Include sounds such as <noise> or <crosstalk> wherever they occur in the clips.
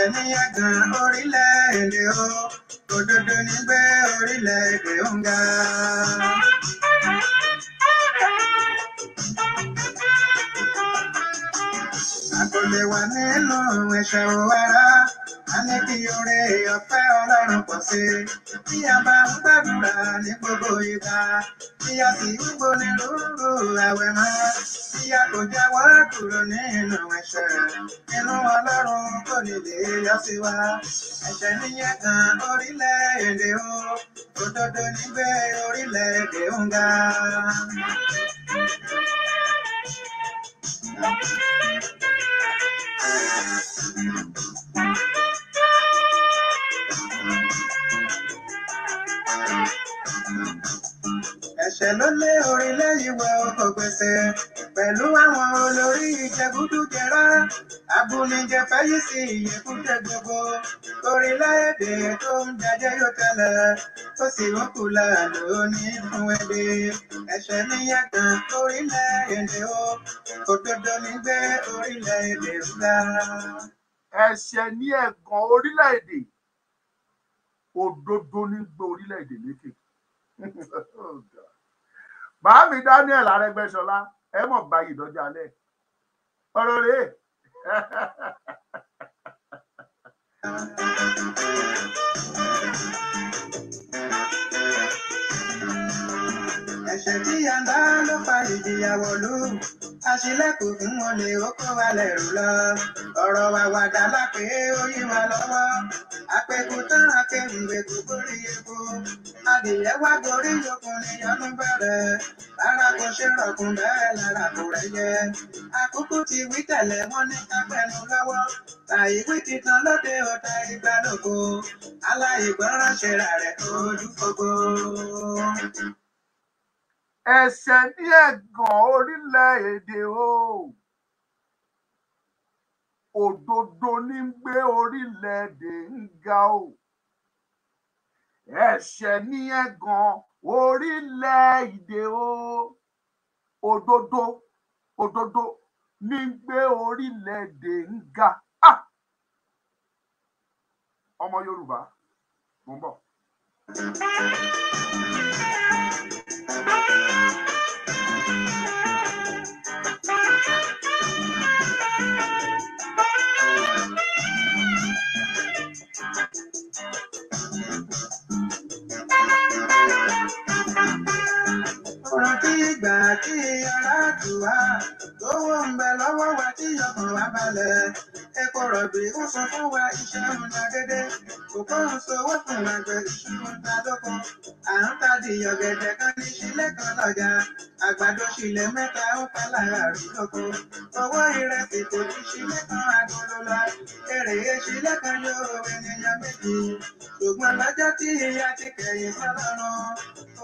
ẹ̀jẹ̀ níyẹn gan orílẹ̀-èdè o òdodo ní gbé orílẹ̀-èdè ó ń ga. àkọlé wà nínú ẹ̀ṣẹ̀ òwárá àní kí oore ọpẹ́ Ọlọ́run pọ̀ sí bí a bá ń gbàdúrà ní gbogbo ìgbà bí a sì ń gbóni lóru àwẹ̀ mọ́ bí a kò jáwọ́ kúrò nínú ẹ̀ṣẹ̀ inú Ọlọ́run kò ní lè yọ sí wa ẹ̀ṣẹ̀ nìyẹn kan orílẹ̀-èdè o òdodo níbẹ̀ orílẹ̀-èdè ń ga. Thank you. ẹ̀ṣẹ̀ ló lé orin lẹ́yìn wẹ ọkọ̀ gbèsè pẹ̀lú àwọn olórí ìjẹgúdújẹrá abúnijẹ fẹ́yì sí ìyẹ̀kújẹ gbogbo orílẹ̀-èdè tó ń jajẹ́ yóò tẹ́lẹ̀ tó sì ń kú lànà òní fún ẹbí ẹ̀ṣẹ̀ níyẹn kan orílẹ̀-èdè o òdodo ní gbé orílẹ̀-èdè fúlá. ẹ̀ṣẹ̀ ní ẹ̀gàn orílẹ̀-èdè òdodo ní gbé orílẹ̀-èdè lékè. <laughs> oh, God bàámi Daniel Arẹ́gbẹ́ṣọlá ẹ mọ̀ gba ìdọ́jà alẹ́ ọ̀rọ̀ rèé. ẹ̀ṣẹ̀ tí yàrá ló fa ìdíyàwó lóru àṣìlẹ̀kùn fún wọn ni ó kó wa lẹ́rù lọ ọ̀rọ̀ wa wàdà lápé ó yí wa lọ́wọ́ àpẹkù tán akéwìwé kò kórè epo adìyẹ wá gorí yòókù níyanu bẹ̀rẹ̀ lára kò ṣe rọ̀kùn bẹ́ẹ̀ lára kò rẹ̀ yẹ àkókò ti wí tẹ́lẹ̀ wọ́n ní kápẹ́nu lọ́wọ́ tàìwé titan lóde ọ̀tá ìgbàlóko aláìgbọràn ṣe rà rẹ̀ tó ojú gbogbo ẹ̀ṣẹ̀ ní ẹ̀gàn orílẹ̀-èdè o òdodo ní ń gbé orílẹ̀-èdè ń ga o ẹ̀ṣẹ̀ ní ẹ̀gàn orílẹ̀-èdè o òdodo òdodo ní ń gbé orílẹ̀-èdè ń ga ah! ọmọ Yorùbá mo ń bọ̀ ìgbà tí ọlá tù wá owó ń bẹ lọ́wọ́ wa tí ọkàn wa balẹ̀ ẹ̀kọ́rọ̀ gbé ó sọ fún wa ìṣirò ta dédé òkòrùn sowó fún àgbẹ̀ ìṣirò ta lóko à ń ta dìyàn gẹ̀dẹ̀ kan ní sílẹ̀ kan lọ́jà àgbàdo sílẹ̀ mẹ́ta ó pa lára rí lóko owó ìrẹsì kò ní sílẹ̀ kan agolo la èrè sílẹ̀ kan yóò ènìyàn méjì ṣùgbọ́n lọ́jọ́ tí ìyá ti kẹ̀yìn sọ́lọ́run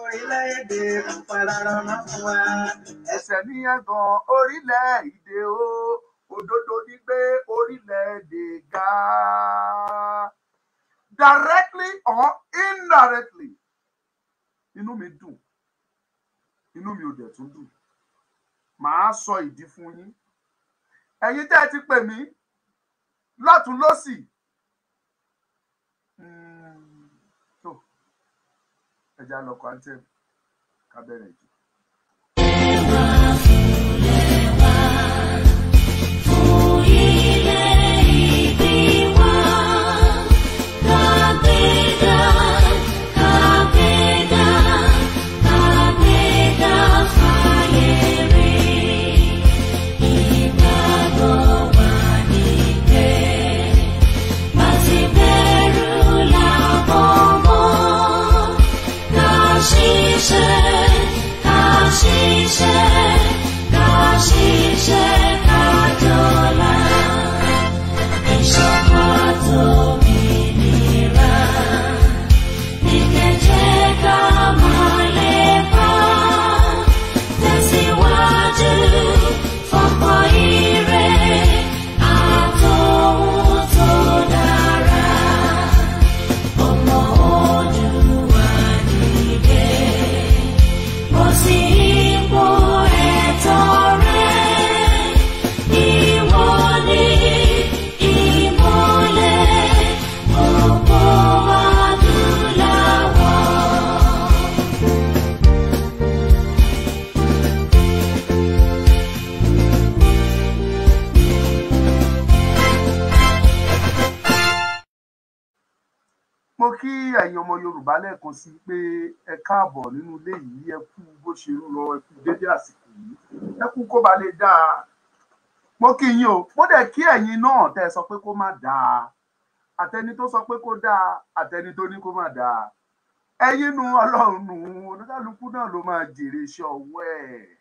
orílẹ̀-èdè kò fara rọrùn fún wa. ẹsẹ̀ níyẹn gan orílẹ̀-èdè o òdodo ní gbé orílẹ̀-èdè ga directly or indirectly inú mi dùn inú mi ò dẹ̀ tún dùn màá sọ ìdí fún yín ẹ̀yin tẹ́ ẹ ti pè mí lọ́tún lọ́sì hmm, tó ẹja lọkọ̀ àǹtẹ̀ kábẹ́rẹ̀ jù. 心深，那心 kan sí pé ẹ káàbọ̀ nínú ilé yìí ẹ kú bó ṣe ń lọ ẹ kú dédé àsìkò yìí ẹ kú kó ba lè dáa mo kí yín o mo dẹ̀ kí ẹ̀yin náà tẹ́ ẹ sọ pé kó má dáa àtẹni tó sọ pé kó dáa àtẹni tó ní kó má dáa ẹ̀yin nu Ọlọ́run nù oníkálukú náà ló máa jèrè iṣẹ́ ọwọ́ ẹ̀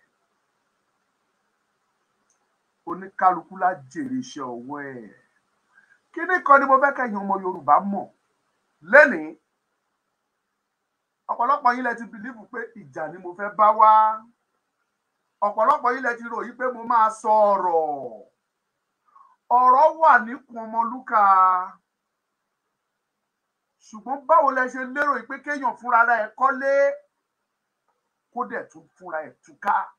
oníkálukú lá jèrè iṣẹ́ ọwọ́ ẹ̀ kíní kan ni mo fẹ́ kẹ́yìn ọmọ Yorùbá mọ̀ lẹ́nìí ọ̀pọ̀lọpọ̀ yín lẹ ti bìlíìfù pé ìjà ni mo fẹ́ bá wá ọ̀pọ̀lọpọ̀ yín lẹ ti rò yí pé mo máa sọ ọ̀rọ̀ ọ̀rọ̀ wà níkùn ọmọlúkà ṣùgbọ́n báwo lẹ ṣe lérò pé kéèyàn fúnra rẹ̀ kọ́lé kó dẹ̀ tún fúnra ẹ̀ túká. E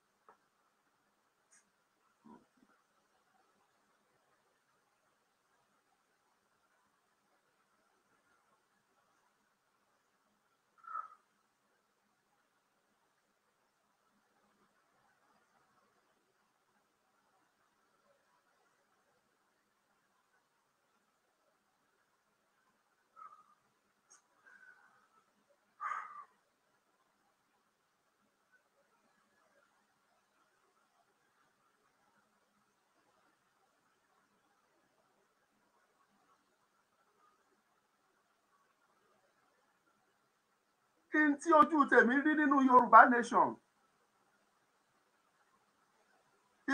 n tí ojú tèmi rí nínú Yorùbá nation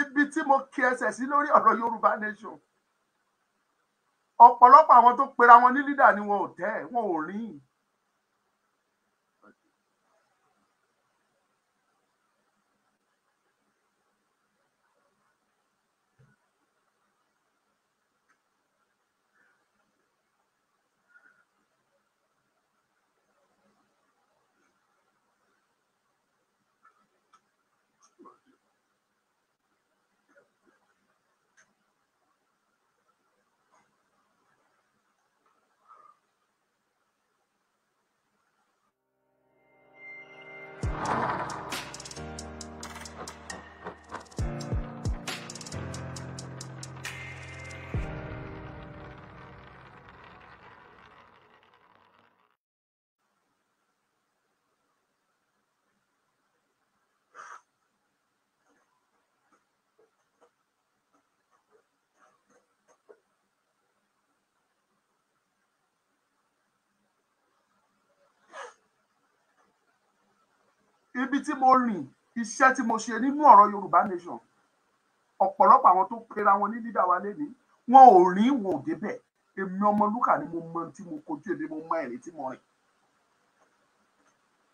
ibi tí mo kí ẹsẹ̀ sí lórí ọ̀rọ̀ Yorùbá nation ọ̀pọ̀lọpọ̀ àwọn tó pera wọn ní lídà ni wọn ò tẹ́ wọn ò rí yìí ibi tí mo rìn iṣẹ́ tí mo ṣe nínú ọ̀rọ̀ Yorùbá nation ọ̀pọ̀lọpọ̀ àwọn tó pera wọn ní leader wa lẹ́ni wọn ò rí wọn ò débẹ̀ èmi Ọmọlúkà ni mo mọ tí mo kojú èmi mo mọ èrè tí mo rìn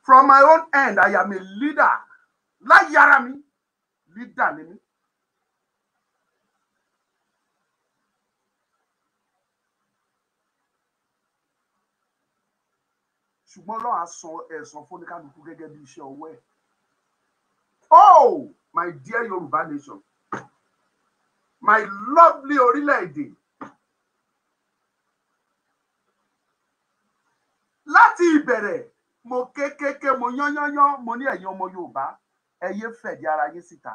from my own end I am a leader láyé ara mi leader ni mí ṣùgbọ́n Ọlọ́run á san fún oníkálukú gẹ́gẹ́ bí iṣẹ́ ọwọ́ ẹ̀. oh my dear Yorùbá nation my lovely orílẹ̀-èdè láti ìbẹ̀rẹ̀ mo kékeré mo yányányán mo ní ẹ̀yin ọmọ Yorùbá ẹ yé fẹ̀dí ara yín síta.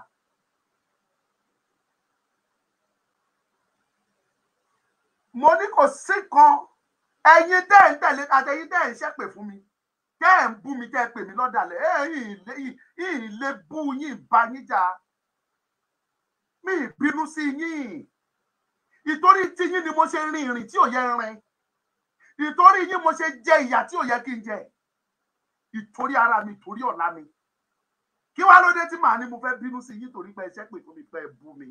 mo ní kò sí kan ẹ̀yin tẹ́ ń tẹ̀lé àtẹ̀yin tẹ́ ń ṣépè fún mi tẹ́ ń bú mi tẹ́ ń pè mí lọ́dàlẹ̀ yìí lè bú yín bá yín jà mí bínú sí yín ìtorí tí yín ni mo ṣe rin ìrìn tí ò yẹ rin ìtorí yín mo ṣe jẹ ìyà tí ò yẹ kí n jẹ ìtorí ara mi ìtorí ọ̀la mi kí wàá ló tí màá ní mo fẹ́ bínú sí yín torí pé ẹ ṣépè fún mi pé bú mi.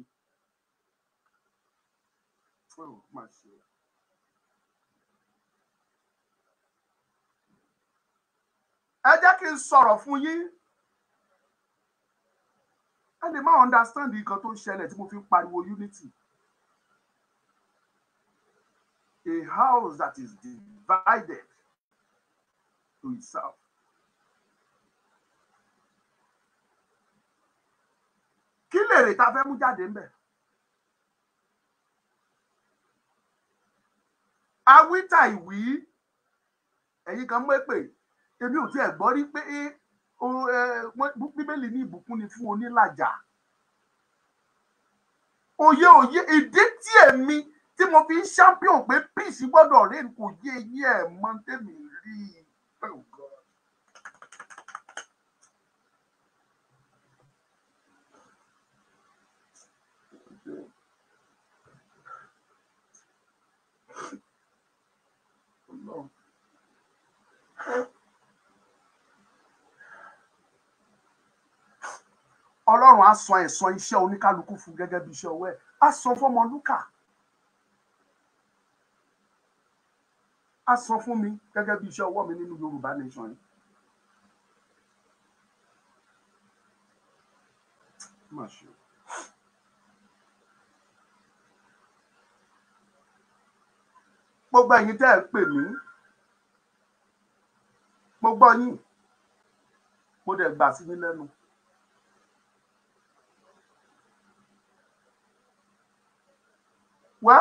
Oh, my shit. ẹ jẹ́ kí n sọ̀rọ̀ fún yín ẹ lè má understand nǹkan tó ń ṣẹlẹ̀ tí mo fi ń pariwo unity a house that is divided to itself. kí lèrè ta fẹ́ mú jáde ńbẹ̀. awítà ìwí ẹ̀yin kan mú èpè yìí èmi ò tiẹ̀ gbọ́ rí pé bíbélì ní ìbùkún ni fún onílàjà òye òye ìdí tí èmi tí mo fi ń champion pé peace gbọ́dọ̀ rí kò yé eyín ẹ̀ mọ́ tèmi rí i. Oh. ọlọ́run á san ẹ̀san iṣẹ́ oníkálukú fún gẹ́gẹ́ bí iṣẹ́ ọwọ́ ẹ̀ á san fún ọmọ lúkà á san fún mi gẹ́gẹ́ bí iṣẹ́ ọwọ́ mi nínú yorùbá nation yìí. Má ṣe o. gbogbo ẹ̀yin tẹ́ ẹ pè mí mo gbọ́ yín mo dẹ̀ gbà sí yín lẹ́nu. wá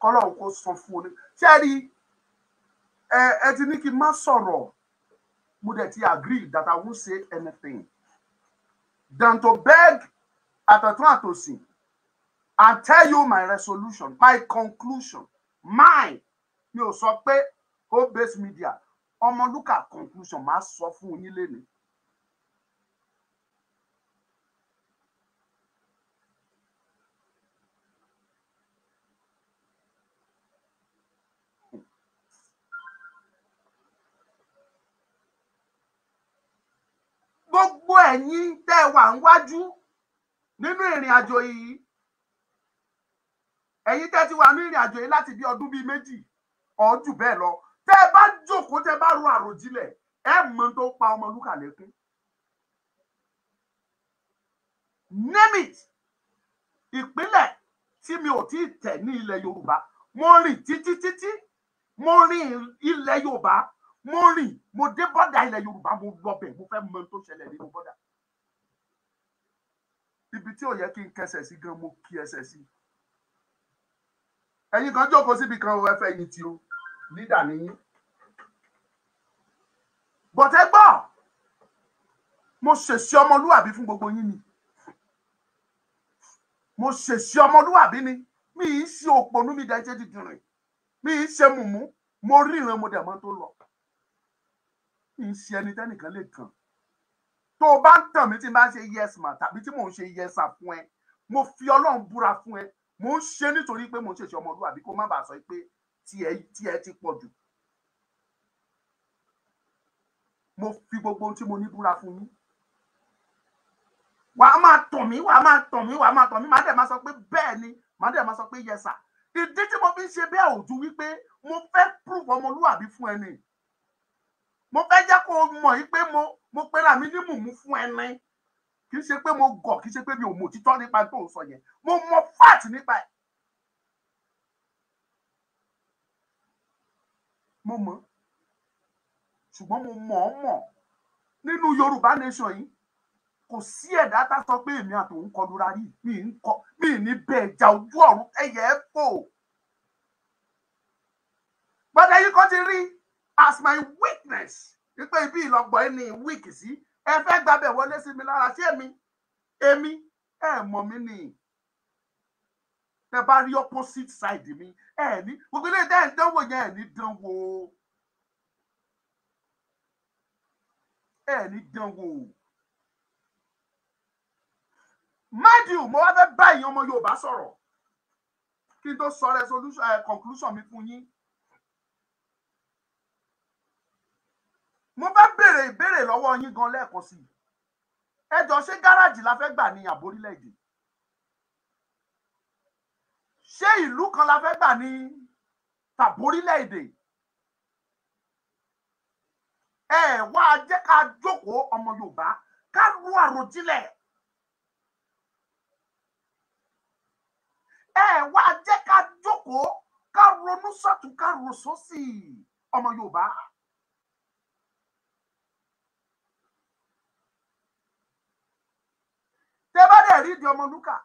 kọ́lọ́run kó san fún ọ ní ṣé ẹ rí ẹ ẹ ti ní kí n má sọ̀rọ̀ mo dẹ̀ ti agree that I won't say anything than to beg àtọ̀tún àtòsì and tell you my resolution my conclusion mine mi ò sọ pé home based media ọmọlúkà conclusion máa sọ fún yín lénìí ẹ̀yin tẹ́ ẹ wà níwájú nínú ìrìn àjò yìí ẹ̀yin tẹ́ ti wà ní ìrìn àjò yìí láti bí ọdún bíi méjì ọ̀ọ́dún bẹ́ẹ̀ lọ tẹ́ ẹ bá jókòó tẹ́ ẹ bá ro àròjinlẹ̀ ẹ mọ tó pa Ọmọlúkà lẹ́kún name it ìpínlẹ̀ tí mi ò tí ì tẹ̀ ní ilẹ̀ Yorùbá mo rìn títí títí mo rìn ilẹ̀ Yorùbá mo rìn mo dé bọ́dà ilẹ̀ yorùbá mo lọ bẹ̀ mo fẹ́ mọ ohun tó ṣẹlẹ̀ nínú bọ́dà ibi tí ò yẹ kí n kẹsẹ̀ sí gan mo kí ẹsẹ̀ sí ẹ̀yin kan jókòó síbi kan ò ẹfẹ yìí tí o nídà nìyí bọ̀tẹ́ gbọ́ mo ṣèṣì ọmọlúwàbí fún gbogbo yín ni mo ṣèṣì ọmọlúwàbí ni mi ì ṣe òpònú mi dẹ́jẹ́ dídùn rìn mi ì ṣe mùmú mo ríran mo dẹ̀ mọ́ tó lọ ń ṣe ẹni tẹ́nìkan lè kàn tó o bá ń tàn mí tí n bá ṣe yes ma tàbí tí mò ń ṣe yes a fún ẹ mo fi ọlọ́run búra fún ẹ mo ń ṣe nítorí pé mo ń ṣèṣe ọmọlúwàbí kó má bàa sọ pé tiẹ̀ ti pọ̀ jù mo fi gbogbo ohun tí mo ní búra fún yín wàá máa tàn mí wàá máa tàn mí wàá máa tàn mí màá dẹ̀ máa sọ pé bẹ́ẹ̀ ni màá dẹ̀ máa sọ pé yẹsà ìdí tí mo fi ń ṣe bẹ́ẹ̀ ò ju wípé mo fẹ́ prove ọmọlúwàbí fún ẹni mo fẹ́ jẹ́ kó o mọ̀ yìí pé mo mo pera mi ní mùmú fún ẹni kì í ṣe pé mo gọ̀ kì í ṣe pé mi ò mọ òtítọ́ nípa tó ń sọ yẹn mo mọ fáàtì nípa ẹ̀ mo mọ̀ ṣùgbọ́n mo mọ̀ ọ́ mọ̀ nínú Yorùbá nation yìí kò sí ẹ̀dá tá a sọ pé èmi àtòun kọlu ra rí mi ń kọ mi ní bẹ́ẹ̀ jà ojú ọ̀run ẹ̀yẹ́ fò gbọ́dọ̀ yìí kọ́ ti rí as my weakness wípé ibi ìlọgbọ̀n ẹni weak sí ẹ fẹ́ gbàbẹ̀ wọlé sí mi lára ṣé èmi èmi ẹ mọ̀ mí ni. tẹ bá rí opposite side mi ẹ ní gbogbo ilé ìdá ìdánwò yẹn ẹ ní dánwò ẹ ní dánwò mádìú mo wá fẹ́ báyìí ọmọ Yorùbá sọ̀rọ̀ kí n tó sọ rẹ conclusion mi fún yín mo bá béèrè ìbéèrè lọ́wọ́ yín gan lẹ́ẹ̀kan sí i ẹ jọ ṣé gáràjì la fẹ́ gbà ní àbórílẹ̀-èdè ṣé ìlú kan la fẹ́ gbà ní tàbórílẹ̀-èdè ẹ wá jẹ́ ká jókòó ọmọ Yorùbá ká ru àròjinlẹ̀ ẹ wá jẹ́ ká jókòó ká ronú sọ́tún ká rò sósì ọmọ Yorùbá. tẹ bá dẹ̀ rí di ọmọ lúkà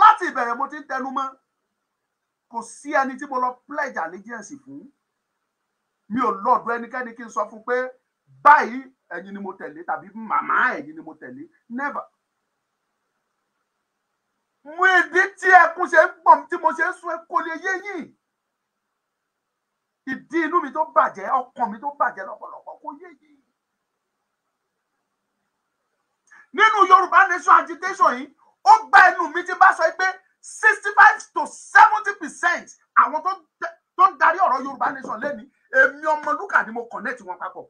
láti ìbẹ̀rẹ̀ mo ti ń tẹnu mọ́ kò sí ẹni tí mo lọ pledge allegiance fún mi ò lọ́ọ̀dọ̀ ẹnikẹ́ni kí n sọ fún pé báyìí ẹ̀yin ni mo tẹ̀lé tàbí màmá ẹ̀yin ni mo tẹ̀lé never. mo ìdí tí ẹkún ṣe ń pọ̀ tí mo ṣe ń sun ẹkọ lè yé yìí ìdí inú mi tó bàjẹ́ ọkàn mi tó bàjẹ́ lọ́pọ̀lọpọ̀ kò yé yìí. nínú Yorùbá nation agitation yìí ó gba ẹnu mi ti bá sọ pé sixty five to seventy percent àwọn tó ń darí ọ̀rọ̀ Yorùbá nation lẹ́ni èmi Ọmọlúkà ni mo connect wọn papọ̀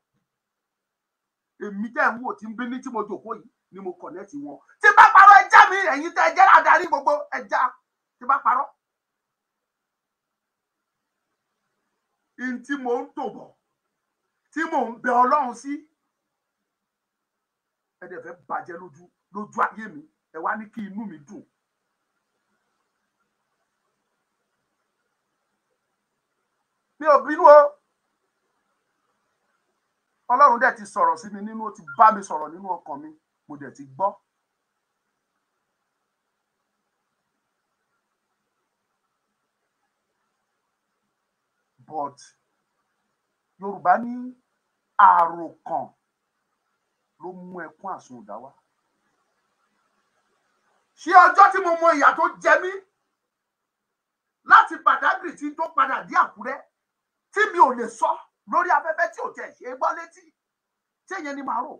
èmi tẹ́ ń wò tí ń bí ní tí mo jòkó yìí ni mo connect wọn tí bá parọ́ ẹja mi ẹ̀yin tẹ́ ẹjẹ́ ládarí gbogbo ẹja tí bá parọ́. n tí mo ń tò bọ̀ tí mo ń bẹ Ọlọ́run sí. Si ẹ dẹ̀ fẹ́ bàjẹ́ lójú lójú ayé mi ẹ wá ní kí inú mi dùn. mi ò bínú o ọlọ́run dẹ̀ ti sọ̀rọ̀ sí mi nínú ó ti bá mi sọ̀rọ̀ nínú ọkàn mi mo dẹ̀ ti gbọ́. but yorùbá ní àròkàn ló mú ẹkún àsundà wá ṣé ọjọ́ tí mo mọ ìyà tó jẹ mí láti Badagry tí tó padà dé Àkúrẹ́ tí mi ò lè sọ lórí afẹ́fẹ́ tí ò tẹ̀ ṣe é gbọ́ létí tí èyàn ni màá rò.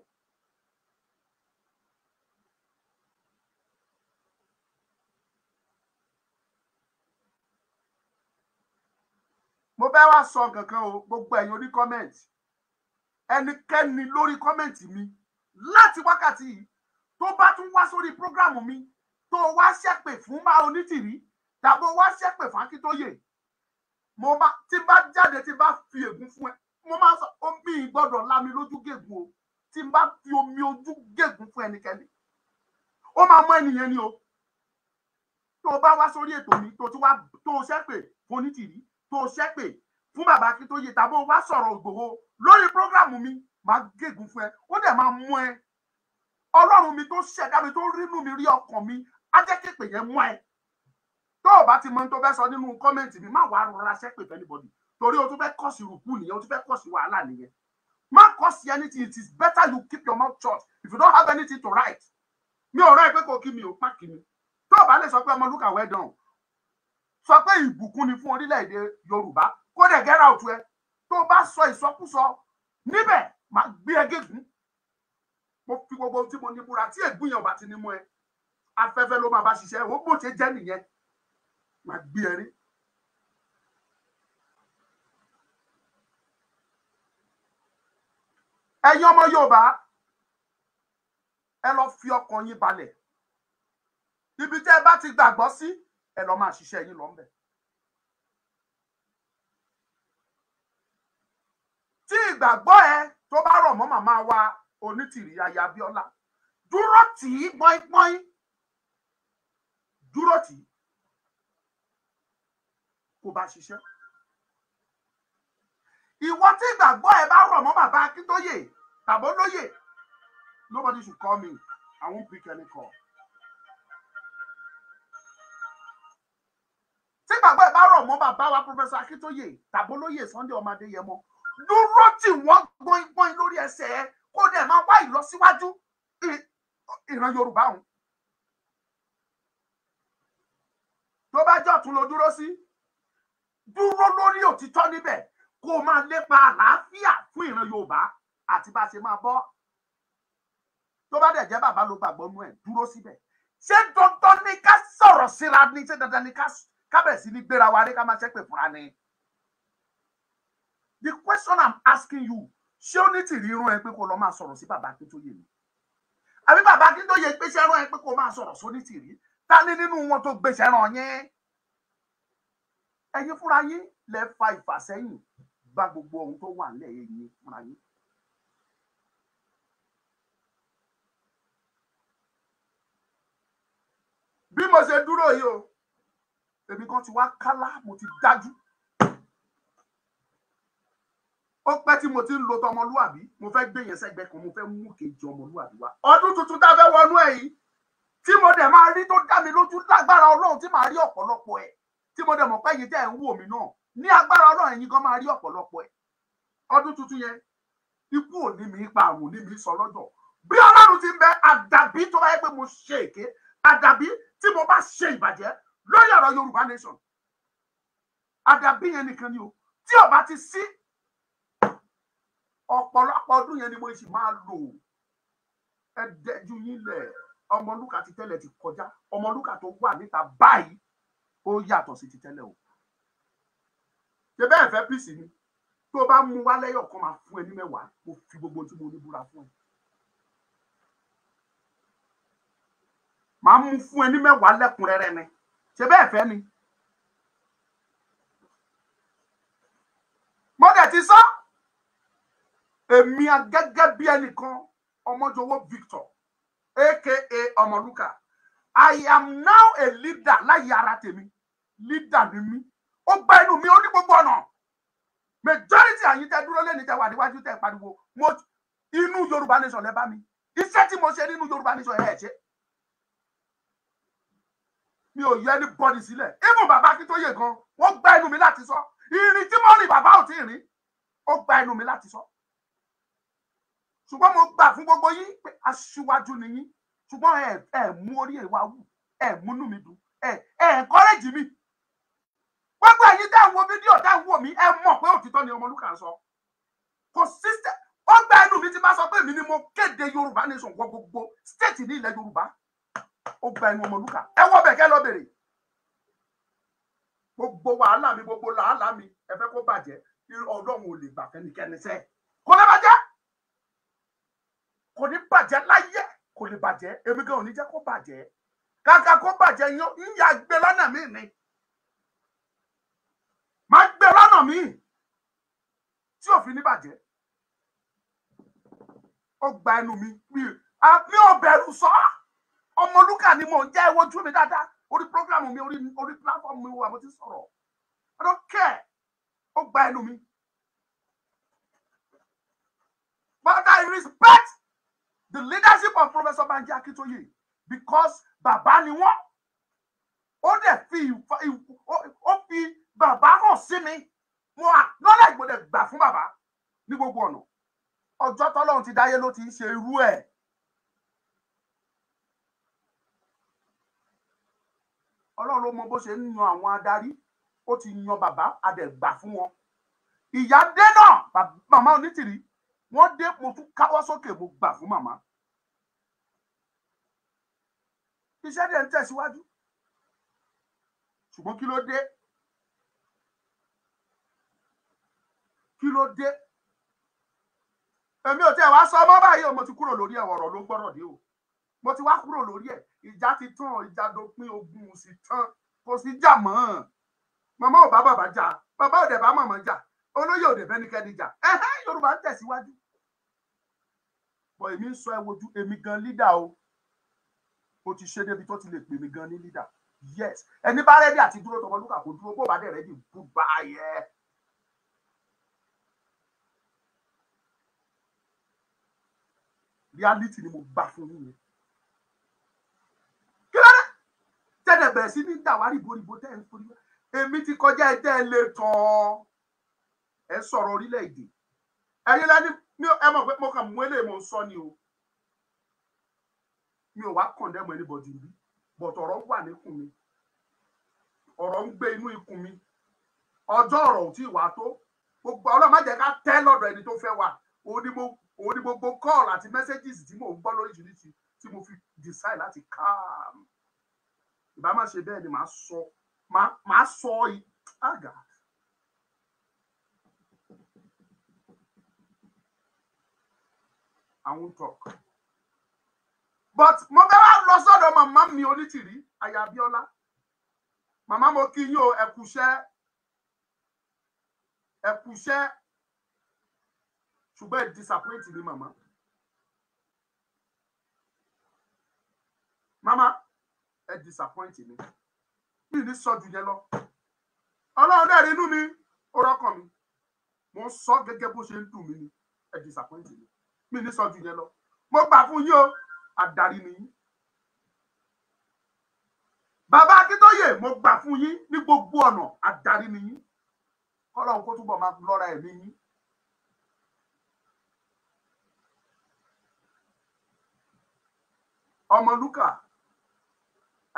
mo bẹ́ wá sọ nǹkan kan o gbogbo ẹ̀yin orí kọ́mẹ̀ntì ẹnikẹ́ni lórí kọ́mẹ̀ntì mi láti wákàtí yìí tó bá tún wá sórí prógrámù mi tó wá ṣépè fún máa onítìrí tàbí wá ṣépè fún akíntóyè mo bá tí bá jáde tí bá fi ègún fún ẹ mo máa sọ omi ìgbọ́dọ̀ lami lójú gègùn o tí n bá fi omi ojú gègùn fún ẹnikẹ́ni ó máa mọ ènìyàn ni o tó o bá wá sórí ètò mi tó o ti wá tó o ṣépè fún onítìrí tó o ṣépè fún bàbá akíntóyè tàbí o wá sọ̀rọ̀ ògbòho lórí prógrámù mi máa gégùn fún ẹ ó dẹ̀ máa mú ẹ ọlọ́run mi tó ṣẹ̀dá mi tó rínú mi rí ọkàn mi á jẹ́ kéèpè yẹn mú ẹ tó o bá ti mọ tó fẹ́ sọ nínú kọ́mẹ̀ntì mi má wàá rọra ṣépè fẹ́ anybody torí o tún fẹ́ kọ̀ sí rùkú nìyẹn o tún fẹ́ kọ̀ sí wàhálà nìyẹn má kọ̀ sí anything it is better you keep your mouth shut if you don't have anything to write mi ò rẹ́ ẹ pé kò kí mi ò pa kí mi tó o bá lè sọ pé Ọmọlúkà well done sọ pé ìbùkún ni fún orílẹ̀-èdè Yorùbá kó dẹ̀ get out ẹ tó o bá sọ ìsọkúsọ níbẹ̀ máa gbé ẹgẹgùn mo fi gbogbo tí mo ní búra tí ègún yẹn ò bá ti ní mú ẹ afẹ́fẹ́ ló máa bá ṣiṣẹ́ ó bó ṣe jẹ́ nìyẹn máa gbé ẹ rí. ẹ̀yin ọmọ Yorùbá ẹ lọ fi ọkàn yín balẹ̀ ibi tẹ́ ẹ bá ti gbàgbọ́ sí ẹ lọ máa ṣiṣẹ́ yín lọ ńbẹ̀. tí ìgbàgbọ́ ẹ tó bá rọ̀ mọ́ màmá wa onítìrí aya Abíọ́lá dúró tì í pọ́ínpọ́ín dúró tì í kó bá ṣiṣẹ́. ìwọ tí ìgbàgbọ́ ẹ bá rọ̀ mọ́ bàbá Akíntóyè tàbó lóyè nobody should call me I won't pick any call. tí ìgbàgbọ́ ẹ bá rọ̀ mọ́ bàbá wa Professor Akíntóyè tàbó lóyè Sunday ọmọdé yẹmọ dúró tì wọ́n gbọ́ngbọ́n lórí ẹsẹ̀ ẹ kó dẹ̀ máa wá ìlọsíwájú ìran Yorùbá òun. tó bá jẹ́ ọ̀tún lo dúró sí dúró lórí òtítọ́ níbẹ̀ kó o máa lépa àlàáfíà fún ìran Yorùbá àti bá a ṣe máa bọ́ tó bá dẹ̀ jẹ́ bàbá ló gbàgbọ́ nú ẹ̀ dúró síbẹ̀ ṣé dandan ni ká sọ̀rọ̀ síra ni ṣé dandan ni ká bẹ̀ sí ní gbéra wa rí ká máa ṣépè fúnra ni the question i'm asking you ṣé ó ní tìrí irun ẹ pé kó lọ máa sọ̀rọ̀ sí bàbá akíntóye mi àbí bàbá akíntóye gbéṣẹ́ rán ẹ pé kó máa sọ̀rọ̀ sóní tìrí ta ni nínú wọn tó gbéṣẹ́ rán yín ẹ̀yin fúnra yín lẹ fa ìfàsẹ́yìn bá gbogbo ohun tó wà nílẹ̀ ẹ̀yin fúnra yín. bí mo ṣe dúró yìí o èmi kan ti wá kálá mo ti dájú ó pẹ́ tí mo ti ń lo tọmọlúwàbí mo fẹ́ gbé yẹn sẹ́gbẹ́ kan mo fẹ́ mú kejì ọmọlúwàbí wá. ọdún tuntun tá a fẹ́ wọnú ẹ̀ yìí tí mo dẹ̀ máa rí tó dá mi lójú lágbára ọlọ́run tí màá rí ọ̀pọ̀lọpọ̀ ẹ̀ tí mo dẹ̀ mọ̀ pé yìí tẹ́ ẹ̀ ń wò mí náà ní agbára ọlọ́run ẹ̀yin gan máa rí ọ̀pọ̀lọpọ̀ ẹ̀ ọdún tuntun yẹn ikú ò ní mi ipa àrùn ní mi sọ lọ́jọ́ bí ọlọ́run ti ń bẹ àdàbí tó bá yẹ pé mo ṣe èké àdàbí tí mo bá ṣe ìbàjẹ́ lórí ọ̀rọ̀ Yorùbá nation àdàbí yẹn nìkan ni o tí ọba ti sí ọ̀pọ̀lọpọ̀ ọdún yẹn ni mo sì máa lò ẹ dẹjú yín lẹ̀ ọmọlúkà ti tẹ́lẹ̀ ti kọjá ọmọlúkà tó wà níta báyìí ó yàtọ̀ sí ti tẹ́lẹ̀ o ṣe bẹ́ẹ̀ fẹ́ pìsì ni tó bá mú wá lẹ́yọ̀ kan máa fún ẹ ní mẹ́wàá mo fi gbogbo tí mo ní búra fún ẹ. màá mú fún ẹ ní mẹ́wàá lẹ́kùnrẹ́rẹ́ ni ṣe bẹ́ẹ̀ fẹ́ ni. mo dẹ̀ ti sọ. So? èmi agẹ́gẹ́ bí ẹnìkan ọmọjọwọ́ Victor aka ọmọlúkà i am now a leader láyé ara tèmi leader ni mí ó gba inú mi ó ní gbogbo ọ̀nà majority àyín tẹ dúró lẹ́ni tẹ wà níwájú tẹ pariwo mo inú Yorùbá nation lẹ bá mi iṣẹ́ tí mo ṣe nínú Yorùbá nation ẹ̀ ṣe mi ò yẹ ní bọ́ọ̀dì sílẹ̀ even bàbá Akíntóyè gan wọ́n gba inú mi láti sọ ìrìn tí mo rìn bàbá ò tí ì rìn ó gba inú mi láti sọ. So ṣùgbọ́n mo gbà fún gbogbo yín pé aṣíwájú ni yín ṣùgbọ́n ẹ ẹ mú orí ẹ wá wù ẹ múnú mi dùn ẹ ẹ encourage mi gbogbo ẹ̀yin dá wo fídíò dá wo mi ẹ mọ̀ pé òtítọ́ ni Ọmọlúkà sọ kò sí ó gba ẹnu mi ti máa sọ pé èmi ni mo kéde Yorùbá nation wọ gbogbo stéètì ní ilẹ̀ Yorùbá ó gba ẹnu Ọmọlúkà ẹ wọ bẹ̀ kẹ́ lọ bèrè gbogbo wàhálà mi gbogbo làálàá mi ẹ fẹ́ kó bàjẹ́ Ọlọ́run ò lè gbà fẹ́nikẹ́ni sẹ́ẹ̀ kó lè bàjẹ́ kò ní bàjẹ́ láyé kò lè bàjẹ́ èmi gan ò ní jẹ́ kó bàjẹ́ kàkà kó bàjẹ́ yín ń yà gbé lọ́nà míì ni máa gbé lọ́nà míì tí òfin ní bàjẹ́ ó gba ẹnu mi mi ò bẹ̀rù sọ ọmọlúkà ni mo jẹ́ ìwojú mi dáadáa orí programu mi orí orí platform mi wà mo ti sọ̀rọ̀ I don't care ó gba ẹnu mi but I respect the leadership of Professor Banji Akitoye, because bàbá ni wọ́n ó dẹ̀ fi ó fi bàbá hàn sí mi mo àlọ́lá ìgbọ̀dẹ̀ gbà fún bàbá ní gbogbo ọ̀nà ọjọ́ tọ́lọ́run ti dáyé ló ti ń ṣe irú ẹ̀. ọlọ́run ló mọ bó ṣe ń yan àwọn adarí ó ti yan bàbá adẹ̀gbà fún wọn ìyá dé náà màmá onítìrí wọ́n dé mo tún káwọ́ sókè mo gbà fún màmá iṣẹ́ dẹ̀ ń tẹ̀síwájú ṣùgbọ́n kí ló dé kí ló dé èmi ò tẹ wá sọ ọmọ báyìí o mo ti kúrò lórí ẹ ọ̀rọ̀ ló gbọ́rọ̀ dé o mo ti wá kúrò lórí ẹ ìjà ti tán ìjà dópin ogun sì tán kò sí jà mọ́ màmá ò bá bàbá jà bàbá ò dẹ̀ bá màmá jà olóyè ò dẹ̀ bẹ́nikẹ́ni jà ẹ̀hẹ́ Yorùbá ń tẹ̀síwájú bọ̀ èmi ń sọ ẹ wojú èmi gan lídà o o ti ṣe débi tó ti lè pè gan ní lídà yes ẹni bá rẹ́dí àti dúró tọmọ lúkà kó dúró bó bá dẹ̀ rẹ́dí kú bá yẹ. reality ni mo gbà fún yín yẹn kí lóde tẹ́lẹ̀ bẹ̀rẹ̀ sí ní dàwárí ìbòrìbò tẹ́ ẹ̀ ń forí èmi ti kọjá ẹ tẹ́ ẹ lè tán ẹ sọ̀rọ̀ orílẹ̀-èdè ẹ̀yin lẹ́ni mi ò ẹ mọ̀ pé mo kàn mú eléyìí mo ń sọ ni o mi ò wá condemn anybody bí but ọ̀rọ̀ wà níkùn mi ọ̀rọ̀ ń gbé inú ikùn mi ọjọ́ ọ̀rọ̀ ò tí ì wá tó gbogbo ọlọ́run má jẹ́ ká tẹ́ lọ́dọ̀ ẹni tó fẹ́ wà òun ni gbogbo call àti messages tí mò ń gbọ́ lóríṣiríṣi tí mo fi decide láti calm ìbá má ṣe bẹ́ẹ̀ ni màá sọ màá sọ àgà I won't talk but mo fẹ́ wá lọ sọ́dọ̀ màmá mi onítìrí àyà Abíọ́lá màmá mo kí yín o ẹ̀kúṣẹ́ ẹ̀kúṣẹ́ ṣùgbọ́n ẹ̀ disappoint mi màmá. màmá ẹ disappoint mi mi ní sọ́jú yẹn lọ ọlọ́run dẹ́rẹ́ inú mi ó rọ́kàn mi mo sọ gẹ́gẹ́ bó ṣe ń dùn mí ni ẹ disappoint mi mi ní sọ tìyẹn lọ mo gbà fún yín o àdàrí nìyí bàbá akíntóyè mo gbà fún yín ní gbogbo ọ̀nà àdàrí nìyí kọ́lọ́hún kó túbọ̀ máa lọ́ra ẹ̀mí yín. ọmọlúkà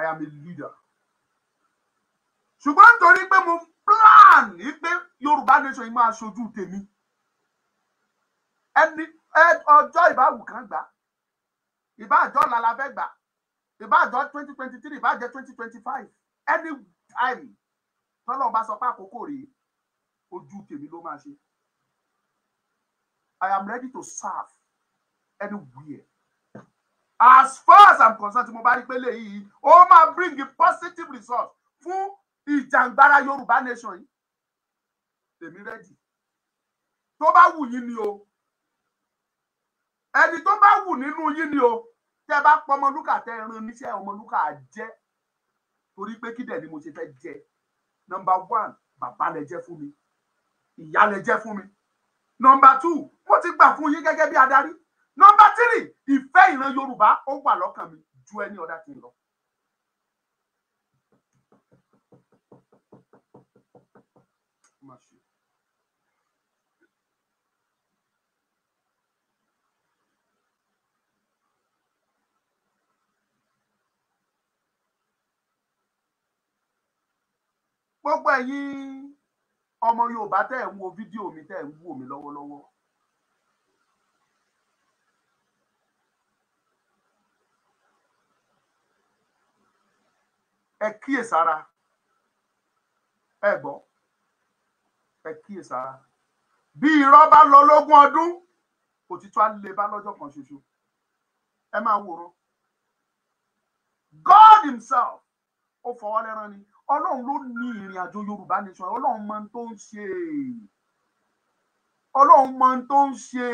i am a leader ṣùgbọ́n nítorí pé mo plan ní pé yorùbá nation yìí máa ṣojú tèmi ẹni ọjọ́ ìbáwù kan gbà ìbáàjọ́ làlàbẹ́ gbà ìbáàjọ́ twenty twenty three ìbáàjẹ́ twenty twenty five any time tọ́lọ́ bá sọ pé àkókò rèé ojú tèmi ló máa ṣe I am ready to serve anywhere as far as I'm concerned tí mo bá rí pé léyìí ó máa bring a positive result fún ìjàngbara Yorùbá nation yìí tèmi ready tó bá wù yín ni o ẹni tó bá wù nínú yín ni o tẹ bá pọ ọmọlúkà tẹ ran níṣẹ́ ọmọlúkà jẹ torí pé kí dẹ̀ ni mo ṣe fẹ́ jẹ nọmba one bàbá lẹ jẹ́ fún mi ìyá lẹ jẹ́ fún mi nọmba two mo ti gbà fún yín gẹ́gẹ́ bí adarí nọmba three ìfẹ́ ìran Yorùbá ó wà lọ́kàn mi ju ẹni ọ̀dà tí lọ. gbogbo ẹ̀yin ọmọ yorùbá tẹ́ ẹ̀ ń wo fídíò mi tẹ́ ẹ̀ ń wò mí lọ́wọ́lọ́wọ́ ẹ kíyèsára ẹ gbọ́ ẹ kíyèsára bí irọ́ bá lọ lógún ọdún òtítọ́ á bá lọ́jọ́ kan ṣoṣo ẹ máa wòran God himself ó fọwọ́ lẹ́rán ni ọlọ́run ló ní ìrìn àjò yorùbá nation ọlọ́run mọ tó ń ṣe ọlọ́run mọ tó ń ṣe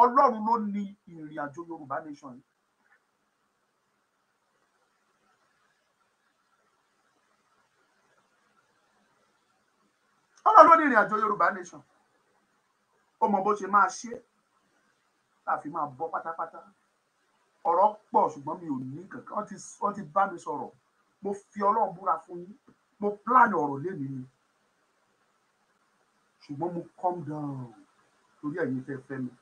ọlọ́run ló ní ìrìn àjò yorùbá nation yìí. ọlọ́run ló ní ìrìn àjò yorùbá nation ó mọ bó ṣe máa ṣe láfi máa bọ́ pátápátá ọ̀rọ̀ pọ̀ ṣùgbọ́n mi ò ní kankan wọ́n ti bá mi sọ̀rọ̀ mo fi ọlọ́run búra fún yín mo plan ọ̀rọ̀ lémi ni ṣùgbọ́n mo calm down torí ẹ̀yin fẹ́ fẹ́ mi.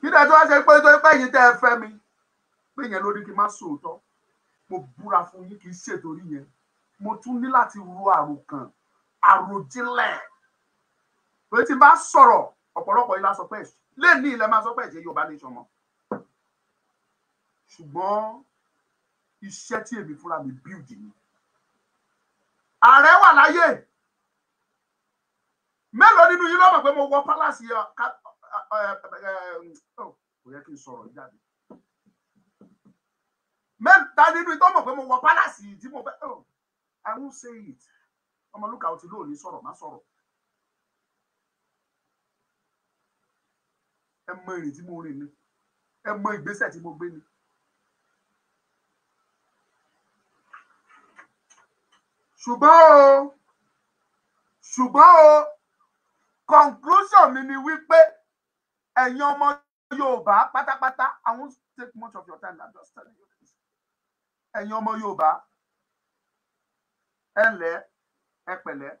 kíndà tó wá ṣe pé tó pẹ́ yín tẹ́ ẹ fẹ́ mi pé yẹn lórí kí n má sòótọ́ mo búra fún yín kì í ṣètòrí yẹn mo tún ní láti ro àròkàn àròjinlẹ̀ pé tí n bá sọ̀rọ̀ ọ̀pọ̀lọpọ̀ yìí la pé lẹ́ẹ̀ni ilẹ̀ máa sọ pé ẹ̀jẹ̀ Yorùbá nation mọ́ ṣùgbọ́n iṣẹ́ tí èmi fúnra mi build ni ààrẹ wà láyé mélòó nínú yín ló mọ̀ pé mo wọ pálásì kò yẹ kí n sọ̀rọ̀ jáde mẹ́ta nínú tó mọ̀ pé mo wọ pálásì tí mo fẹ́ I won't say it ọmọlúkà ó ti lóòní sọ̀rọ̀ má sọ̀rọ̀ ẹ mọ ìrìn tí mo rìn ni ẹ mọ ìgbésẹ̀ tí mo gbé ni ṣùgbọ́n o ṣùgbọ́n o conclusion mi ni wípé ẹ̀yin ọmọ Yorùbá pátápátá I won't take much of your time I'm just telling you this ẹ̀yin ọmọ Yorùbá ẹ ǹlẹ́ ẹ pẹ̀lẹ́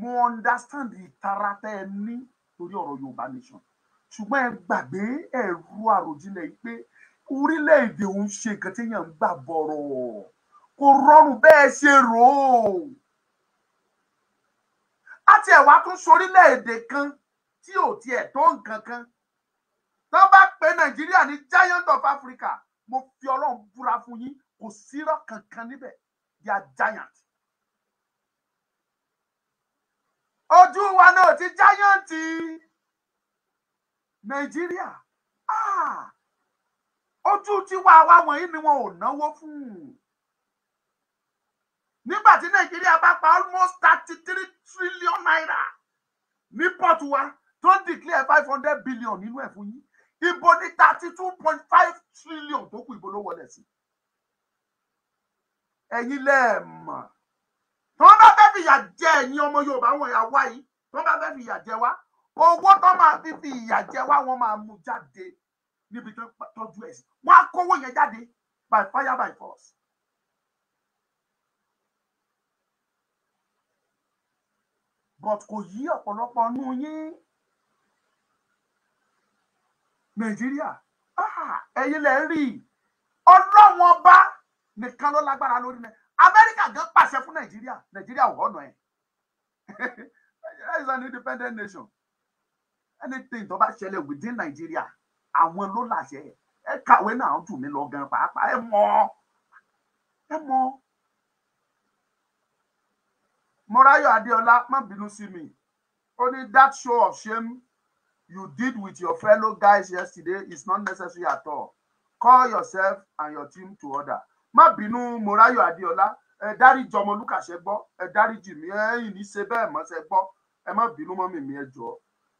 mo understand ìtara tẹ́ ẹ ní torí ọ̀rọ̀ Yorùbá nation ṣùgbọ́n ẹ gbàgbé ẹ̀rú àròjinlẹ̀ yìí pé orílẹ̀-èdè òun ṣe nǹkan téèyàn ń gbà bọ̀rọ̀ ọ̀ kò rọrùn bẹ́ẹ̀ ṣe rò ó àti ẹ̀wá tún sorílẹ̀-èdè kan tí ò tiẹ̀ tó nǹkan kan tó bá pe nàìjíríà ní giant of africa mo fi ọlọ́run búra fún yín kò sírọ́ kankan níbẹ̀ they are giant. ojú wa náà ti giant nàìjíríà ah! ojú tiwa wa wọ̀nyí ni wọn ò náwó fún un nígbà tí nàìjíríà bá pa almost thirty three trillion naira ní port wa tó ń declare five hundred billion nínú ẹ̀ fún yín ibo ní thirty two point five trillion tó kù ibo ló wọlé sí ẹ̀yin lẹ́ẹ̀mọ̀ tó bá fẹ́ fìyà jẹ ẹ̀yin ọmọ yorùbá wọ̀nyí àwa yìí tó bá fẹ́ fìyà jẹ wá owó tó máa fi fi ìyà jẹ wá wọn máa mú jáde níbi tó tọ́jú ẹ̀ sí wọn á kówó yẹn jáde by fire by force. but kò yí ọ̀pọ̀lọpọ̀ nú yín nàìjíríà ah, ẹ̀yin lẹ rí i ọlọ́run ọba nìkan ló lágbára lórí mi amẹ́ríkà gan pàṣẹ fún nàìjíríà nàìjíríà ò ọ̀nà ẹ̀ nàìjíríà is an independent nation anything tó bá ṣẹlẹ̀ within nàìjíríà àwọn ló láṣẹ ẹ kàwé náà tù mí lọ gan pàápàá ẹ mọ̀ ẹ mọ̀ Morayo Adeola má bínú sí mi ó ní that show of shame you did with your fellow guys yesterday is not necessary at all call yourself and your team to order má bínú Morayo Adeola ẹ dáríjì Ọmọlúkà ṣe gbọ́ ẹ dáríjì mí ẹ yìí ní ṣe bẹ́ẹ̀ mọ́ ṣe gbọ́ ẹ má bínú mọ́ mi mi ẹ jọ̀ọ́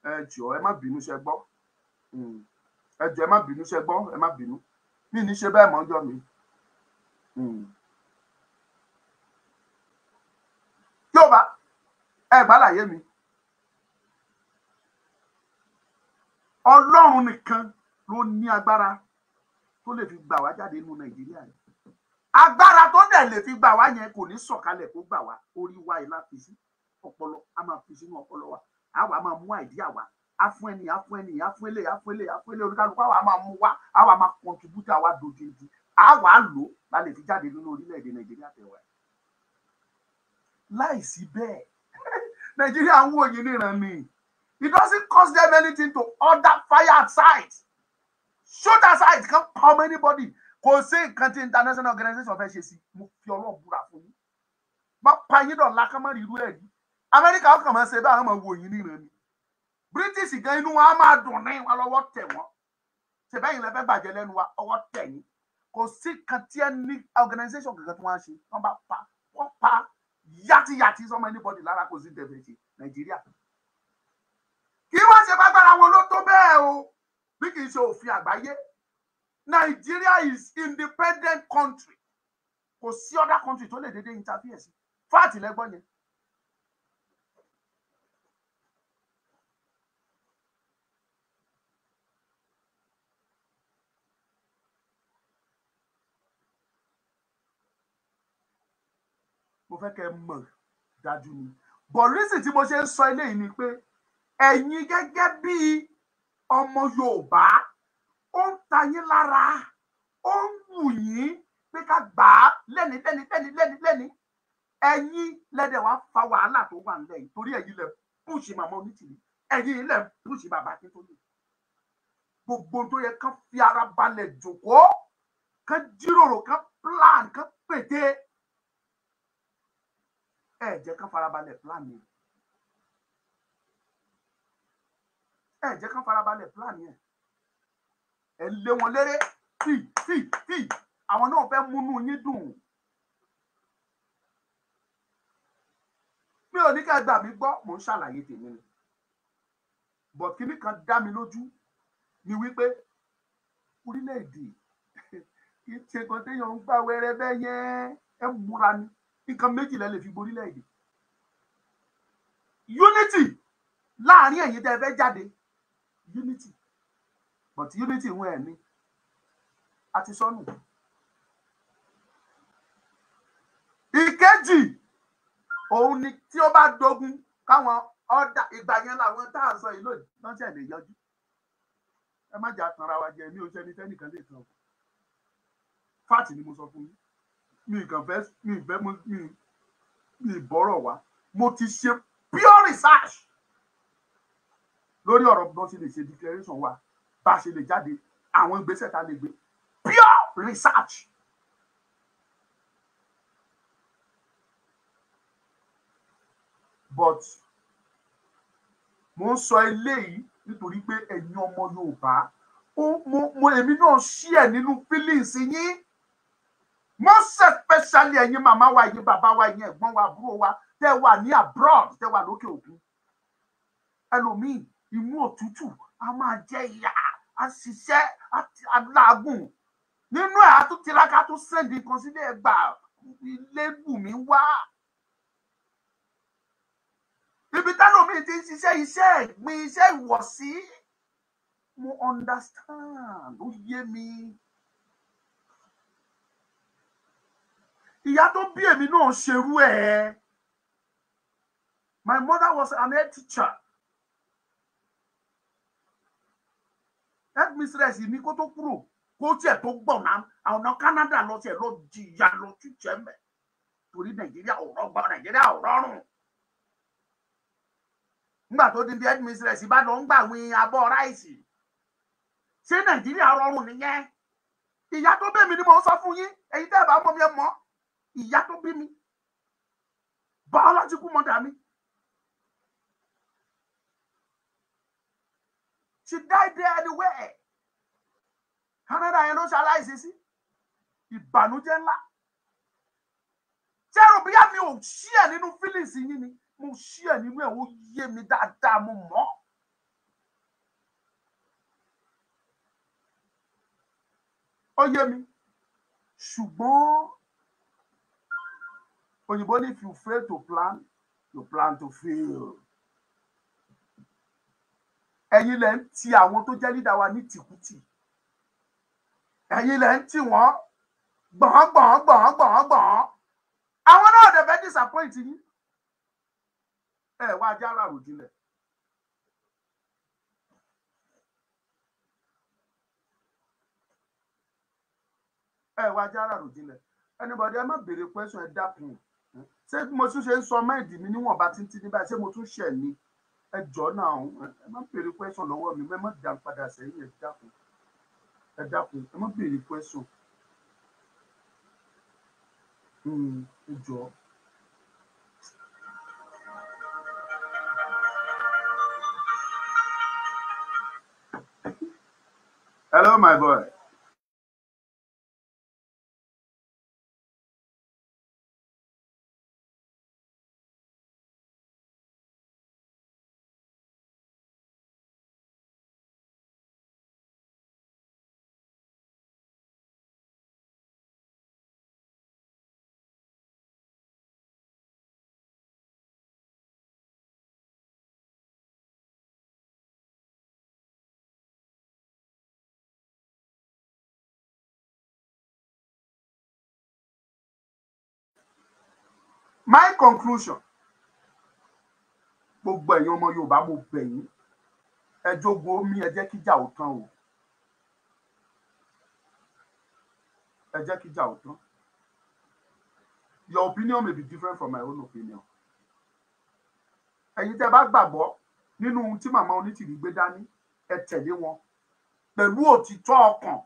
ẹ jọ̀ọ́ ẹ má bínú ṣe gbọ́ hmm. ẹ jọ̀ọ́ ẹ má bínú ṣe gbọ́ ẹ má bínú mi ní ṣe bẹ́ẹ̀ mọ́ jọ mi. Mm. Yorùbá ẹ gbà láyé mi Ọlọ́run nìkan ló ní agbára tó lè fi gbà wá jáde nínú Nàìjíríà yìí agbára tó dẹ̀ lè fi gbà wá yẹn kò ní sọ̀kalẹ̀ kó gbà wá orí wa ìlà fi sí ọpọlọ a máa fi sínú ọpọlọ wa a wà máa mú àìdíyà wa a fún ẹni a fún ẹni a fún ẹlẹ a fún ẹlẹ a fún ẹlẹ oníkálukú a wà máa mú wa a wà máa kọntribútà wa dòdìdì a wà á lò la lè fi jáde nínú orílẹ̀-èdè Nàìjíríà tẹ̀wá láìsí bẹ́ẹ̀ <laughs> nàìjíríà ń wòye níran ni it doesn't cost them anything to order fire at sight shoot at sight kan come anybody kò sí nǹkan tí international organization fẹ́ ṣe sí mo fi ọlọ́ọ̀ búra fún yín bá pa yín dọ̀la kán mọ́ rí irú ẹ̀ rí amẹ́ríkà ọkàn máa ṣe báwọn máa wò níran ni british gan inú wọn á máa dùn ní wọn lọ́wọ́ tẹ̀ wọ́n ṣèbẹ́yìn lẹ́fẹ́ bàjẹ́ lẹ́nu wa ọwọ́ tẹ̀ yín kò sí kan tí ẹ ní organization kankan tí wọ́n á ṣe wọ́n bá pa wọ́n pa yàtìyàtì sọmọ anybody lára kò sí tẹ̀fẹ̀ ṣe nàìjíríà kí wọ́n ṣe bá gbára wọn ló tó bẹ́ẹ̀ o bí kì í ṣe òfin àgbáyé nàìjíríà is independent country kò sí other country tó lè dédé interfere sí fáàtì lẹ́gbọ́n yẹn mo fẹ́ kẹ́ mọ̀ dájú ni but reason tí mo ṣe ń sọ eléyìí ni pé ẹ̀yin gẹ́gẹ́ bí ọmọ Yorùbá ó ń ta yín lára ó ń wù yín pé ká gbà á lẹ́ni lẹ́ni lẹ́ni lẹ́ni lẹ́ni ẹ̀yin lẹ́dẹ̀ wá fa wàhálà tó wà nílẹ̀ yìí torí ẹ̀yin lẹ̀ púùsì màmá onítìrí ẹ̀yin lẹ̀ púùsì bàbá akíntóyè gbogbo tó yẹ kán fi ara balẹ̀ jòkó kán jíròrò kán plan kán pète ẹ jẹ́ kán farabalẹ̀ plan yẹn ẹ jẹ́ kán farabalẹ̀ plan yẹn ẹ lé wọn léré tí tí tí àwọn náà fẹ́ múnú yín dùn mi ò ní ká gbà mí gbọ́ mò ń ṣàlàyé tèmi ni but kíní kan dá mi lójú ni wípé orílẹ̀-èdè kì í ṣe kan téèyàn ń gbà wẹ́rẹ́ bẹ́ẹ̀ yẹn ẹ múra ni nǹkan méjìlá lè fi gborílẹ̀ èdè unity láàrin ẹ̀yin tẹ́ ẹ fẹ́ jáde unity but unity wọn ẹ̀ ní àti sọnù. ìkejì òun ni tí ó bá dogun káwọn ọ̀dà ìgbà yẹn làwọn tá à ń sọ yìí lónìí wọ́n lè yọjú ẹ má jà tanra wa jẹ mi ò ṣẹni tẹ́nìkan lè tàn fáàtì ni mo sọ fún yín mi kàn fẹ́ mi fẹ́ mo mi mi bọ́rọ̀ wá mo ti ṣe pure research lórí ọ̀rọ̀ bí wọ́n ṣe lè ṣe declaration wa bá a ṣe lè jáde àwọn ìgbésẹ̀ tá lè gbé pure research. but mo ń sọ eléyìí nítorí pé ẹ̀yin ọmọ Yorùbá mo èmi náà ṣí ẹ̀ nínú feelings yín most especially ẹ̀yin mama wa ẹ̀yin bàbá wa ẹ̀yin ẹ̀gbọ́n wa àbúrò wa tẹ́ wà ní abroad tẹ́ wà lókè òkun ẹlòmíì imú òtútù a máa jẹ ìyà a ṣiṣẹ́ a làágùn nínú ẹ̀ a tún tiraka tún sẹ́ndì kan sílé ẹgbà ilé bùnmi wá ibi tẹ́lòmíì ti ń ṣiṣẹ́ iṣẹ́ ẹ̀gbin iṣẹ́ ìwọ̀sí mo understand ó yé mi. ìyá tó bí èmi náà ṣerú ẹ̀ my mother was an head teacher headmistress mi kó tó kúrò kó tiẹ̀ tó gbọ̀nà àwọn Canada lọ tiẹ̀ lọ jìyà lọ jíjẹ́ mẹ́ torí Nàìjíríà ò rọgbọ Nàìjíríà ò rọrùn nígbà tó di bí headmistress bá lọ ń gbàwìn abọ́ ráìsì ṣé Nàìjíríà rọrùn nìyẹn ìyá tó bẹ́ẹ̀ mi ni mo sọ fún yín èyí tẹ́ ẹ bá mọ̀ mi ẹ mọ̀ ọ́ ìyá tó bí mi biological mother mi she die there anywhere Canada yẹn ló ṣaláìsí sí ìbànújẹ́ ńlá tẹ́rù bíyà mi ò ṣí ẹ̀ nínú fílíìsì yín ni mo ṣí ẹ̀ nínú ẹ̀ ó yé mi dáadáa mo mọ̀ ọ́. ó yé mi ṣùgbọ́n Oyinbo ní if you fail to plan, you plan to fail. Ẹ̀yin lẹ ń ti àwọn tó jẹ́ leader wa ní tìkútì. Ẹ̀yin lẹ ń tì wọ́n gbọ̀n gbọ̀n gbọ̀n gbọ̀n gbọ̀n. Àwọn náà dẹ̀ fẹ́ disappoint yín. Ẹ wá ajá ara ròjìnlẹ̀. Ẹ wá ajá ara ròjìnlẹ̀. Anybody ẹ má béèrè question ẹ dákun ṣé mo tún ṣe ń sọ mẹ́ẹ̀dì mi níwọ̀nba títí ní báyìí ṣé mo tún ṣẹ̀ ni ẹ jọ náà ẹ má béèrè question lọ́wọ́ mi ẹ má dá padà sẹ́yìn ẹ dákun ẹ dákun ẹ má béèrè question hmm, ẹ jọ. Hello, my boy. my conclusion gbogbo ẹ̀yin ọmọ yorùbá mo bẹ̀ yín ẹ jogo omi ẹ jẹ́ kíjà ò tán o ẹ jẹ́ kíjà ò tán your opinion may be different from my own opinion ẹ̀yin tẹ́ bá gbàgbọ́ nínú ohun tí màmá onítìrí gbé dání ẹ tẹ̀lé wọn pẹ̀lú òtítọ́ ọkàn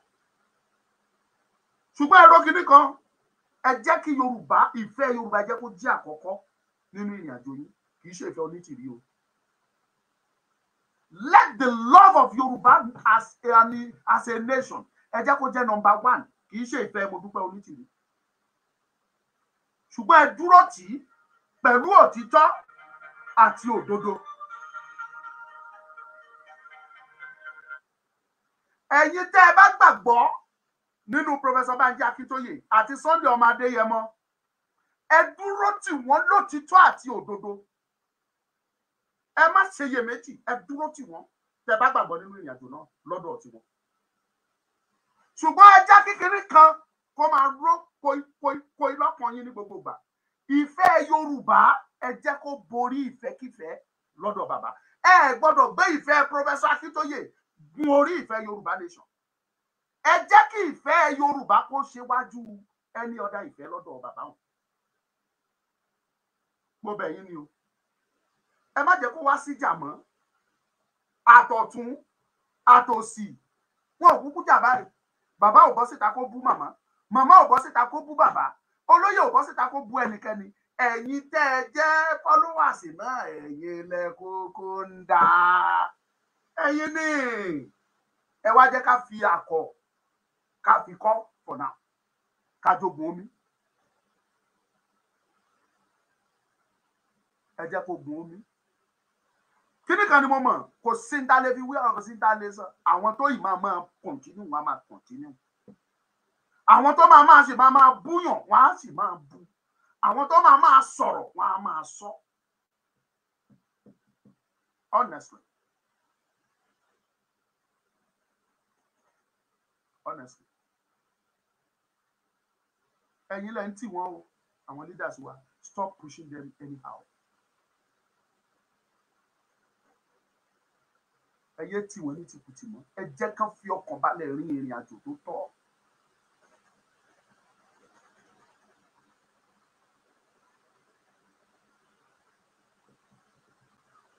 ṣùgbọ́n ẹ̀rọ kìíní kan ẹ jẹ́ kí yorùbá ìfẹ́ yorùbá jẹ́ kó jẹ́ àkọ́kọ́ nínú ìrìn àjò yín kì í ṣe ìfẹ́ onítìrí o let the love of yorùbá as a as a nation ẹ jẹ́ kó jẹ́ number one kì í ṣe ìfẹ́ mo dúpẹ́ onítìrí ṣùgbọ́n ẹ dúró tì í pẹ̀lú òtítọ́ àti òdodo. ẹ̀yin tẹ́ ẹ bá gbàgbọ́ nínú pọfẹsọ Bánjí Akíntóyè àti Sunday ọmọ Adéyẹmọ ẹ dúró tì wọ́n lótìtọ́ àti òdodo ẹ má ṣe iyèméjì ẹ dúró tì wọ́n tẹ bá gbàgbọ́ nínú ìrìnàjò náà lọ́dọ̀ tiwọn ṣùgbọ́n ajá kékeré kan kó máa ró koi lọ́kàn yín ní gbogbo ìgbà ìfẹ́ Yorùbá ẹ jẹ́ kó borí ìfẹ́kífẹ́ lọ́dọ̀ bàbá ẹ gbọ́dọ̀ gbé ìfẹ́ pọfẹsọ Akíntóyè gun orí ìfẹ́ Yorùbá nation ẹ jẹ́ kí ìfẹ́ yorùbá kó ṣíwájú ẹni ọ̀dà ìfẹ́ lọ́dọ̀ bàbá wọn mo bẹ̀ yín ni o ẹ má jẹ́ kó wá síjà mọ́ àtọ̀tún àtòsì wọn ò kúkú jà báyìí bàbá ò bọ́ síta kó bú màmá màmá ò bọ́ síta kó bú bàbá olóyè ò bọ́ síta kó bú ẹnikẹ́ni ẹ̀yin tẹ́ ẹ jẹ́ followers náà ẹ̀yin lẹ kókó ń dá ẹ̀yin ni ẹ wá jẹ́ ká fi àkọ́ ká fi kọ́ for now ká jogun omi ẹ jẹ́ kó gun omi kíní kan ni mo mọ̀ kò sí ń dalẹ̀ fi wí ọ̀rọ̀ kò sí ń dalẹ̀ sọ àwọn tó yìí máa máa kọ̀ntínú wọn á máa kọ̀ntínú àwọn tó máa máa sì máa máa búyàn wọn á sì máa bú àwọn tó máa máa sọ̀rọ̀ wọn á máa sọ honestly honestly ẹ̀yin lẹ́yìn tì wọ́n o àwọn leaders wa stop pushing them anyhow. ẹ yé tì wọ́n ní tìkùtì mọ́ ẹ jẹ́ kán fi ọkàn balẹ̀ rin ìrìn àjò tó tọ́.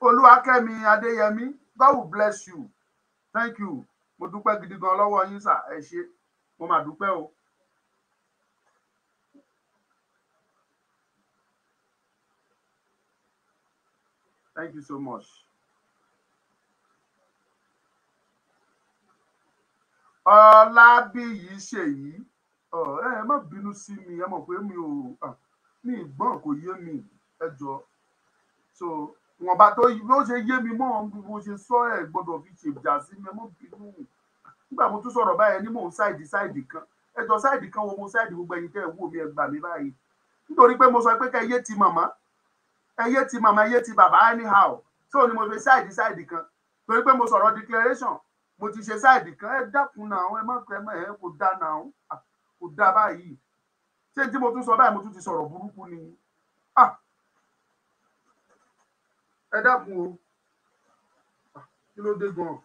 olúwakẹ́mi adéyẹmí god will bless you thank you mo dúpẹ́ gidi gan lọ́wọ́ yín sà ẹ ṣé mo mà dúpẹ́ o. Thank you so much. Ọlábíyí ṣèyí ẹ má bínú sí mi ẹ mọ̀ pé mi ò ní ìgbọ́n kò yé mi ẹ jọ so wọn bá tó ló ṣe yé mi mọ́ ohun mo ṣe sọ ẹ gbọ́dọ̀ fi ṣèjà sí mi ẹ mọ̀ bínú nígbà mo tún sọ̀rọ̀ báyẹn ní mò ń ṣáìdì ṣáìdì kan ẹ jọ ṣáìdì kan wo mo ṣáìdì gbogbo ẹ̀yin tẹ́ ẹ wò mí ẹ gbà mí báyìí nítorí pé mo sọ pé kẹ́ ẹ yé ti màmá ẹyẹ ti mama ẹyẹ ti bàbá anyhow so ni mo fi ṣáìdì ṣáìdì kan torí pé mo sọ̀rọ̀ declaration mo ti ṣe ṣáìdì kan ẹ dákun náà ẹ má pẹ́ mọ́ ẹ kò dá náà kò dá báyìí ṣé tí mo tún sọ báyìí mo tún ti sọ̀rọ̀ burúkú ni ẹ dákun o kí ló dé gan-an.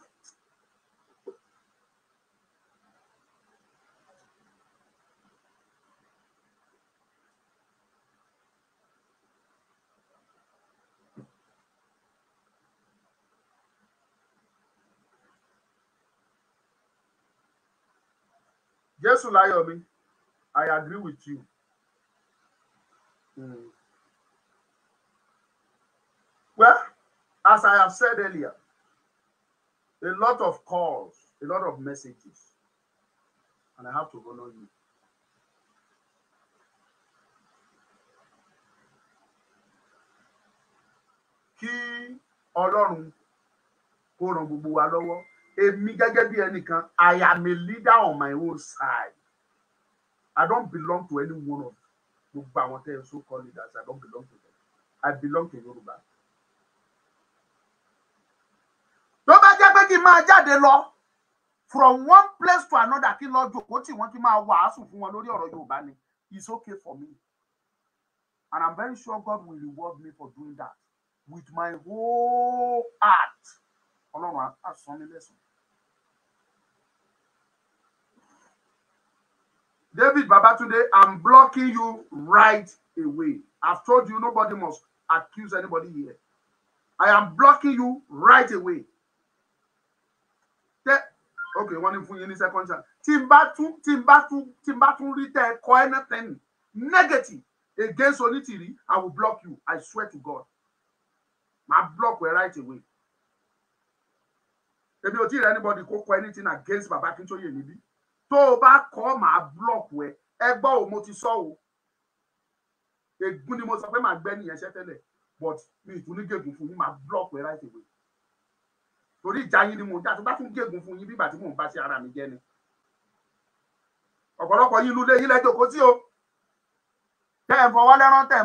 jésù láyọ̀ i agree with you. Mm. well as i have said earlier a lot of calls a lot of messages and i have to honour you. kí ọlọ́run kó ran gbogbo wa lọ́wọ́ èmi gẹ́gẹ́ bí ẹnìkan I am a leader on my own side I don't belong to any one of gbogbo àwọn tẹ́ ẹ so called leaders I don't belong to them I belong to Yorùbá. tó bá jẹ́ pé kí n máa jáde lọ from one place to another kí n lọ jòkó tí wọ́n ti máa wàásù fún wọn lórí ọ̀rọ̀ Yorùbá ni it's okay for me and I'm very sure God will reward me for doing that with my whole heart ọlọ́run á san mí lẹ́san. David Babatunde, I'm blocking you right away. I've told you nobody must accuse anybody here. I am blocking you right away. Tẹ okay wọ́n ní fún yín ní second chance. Tí n bá tún tí n bá tún tí negative against Onítìrí, I will block you. I swear to God. my block will right away. If you tell anybody kó kọ anything against Bàbá you níbí tó o bá kọ́ màá búlọ̀kù ẹ ẹ gbọ́ o mo ti sọ o ègún ni mo sọ pé màá gbẹ́ nìyẹn ṣẹ́ tẹ́lẹ̀ but mi ì tún ní gègùn fún yín màá búlọ̀kù ẹ láì tèwé torí ìjà yín ni mo jà tó bá tún gègùn fún yín bíbà tí mò ń bá ṣe ara mi jẹ́ ni ọ̀pọ̀lọpọ̀ yín lulẹ̀ yín lẹ́jọ́ kó sí o tẹ́ ẹ fọwọ́ lẹ́rán tẹ́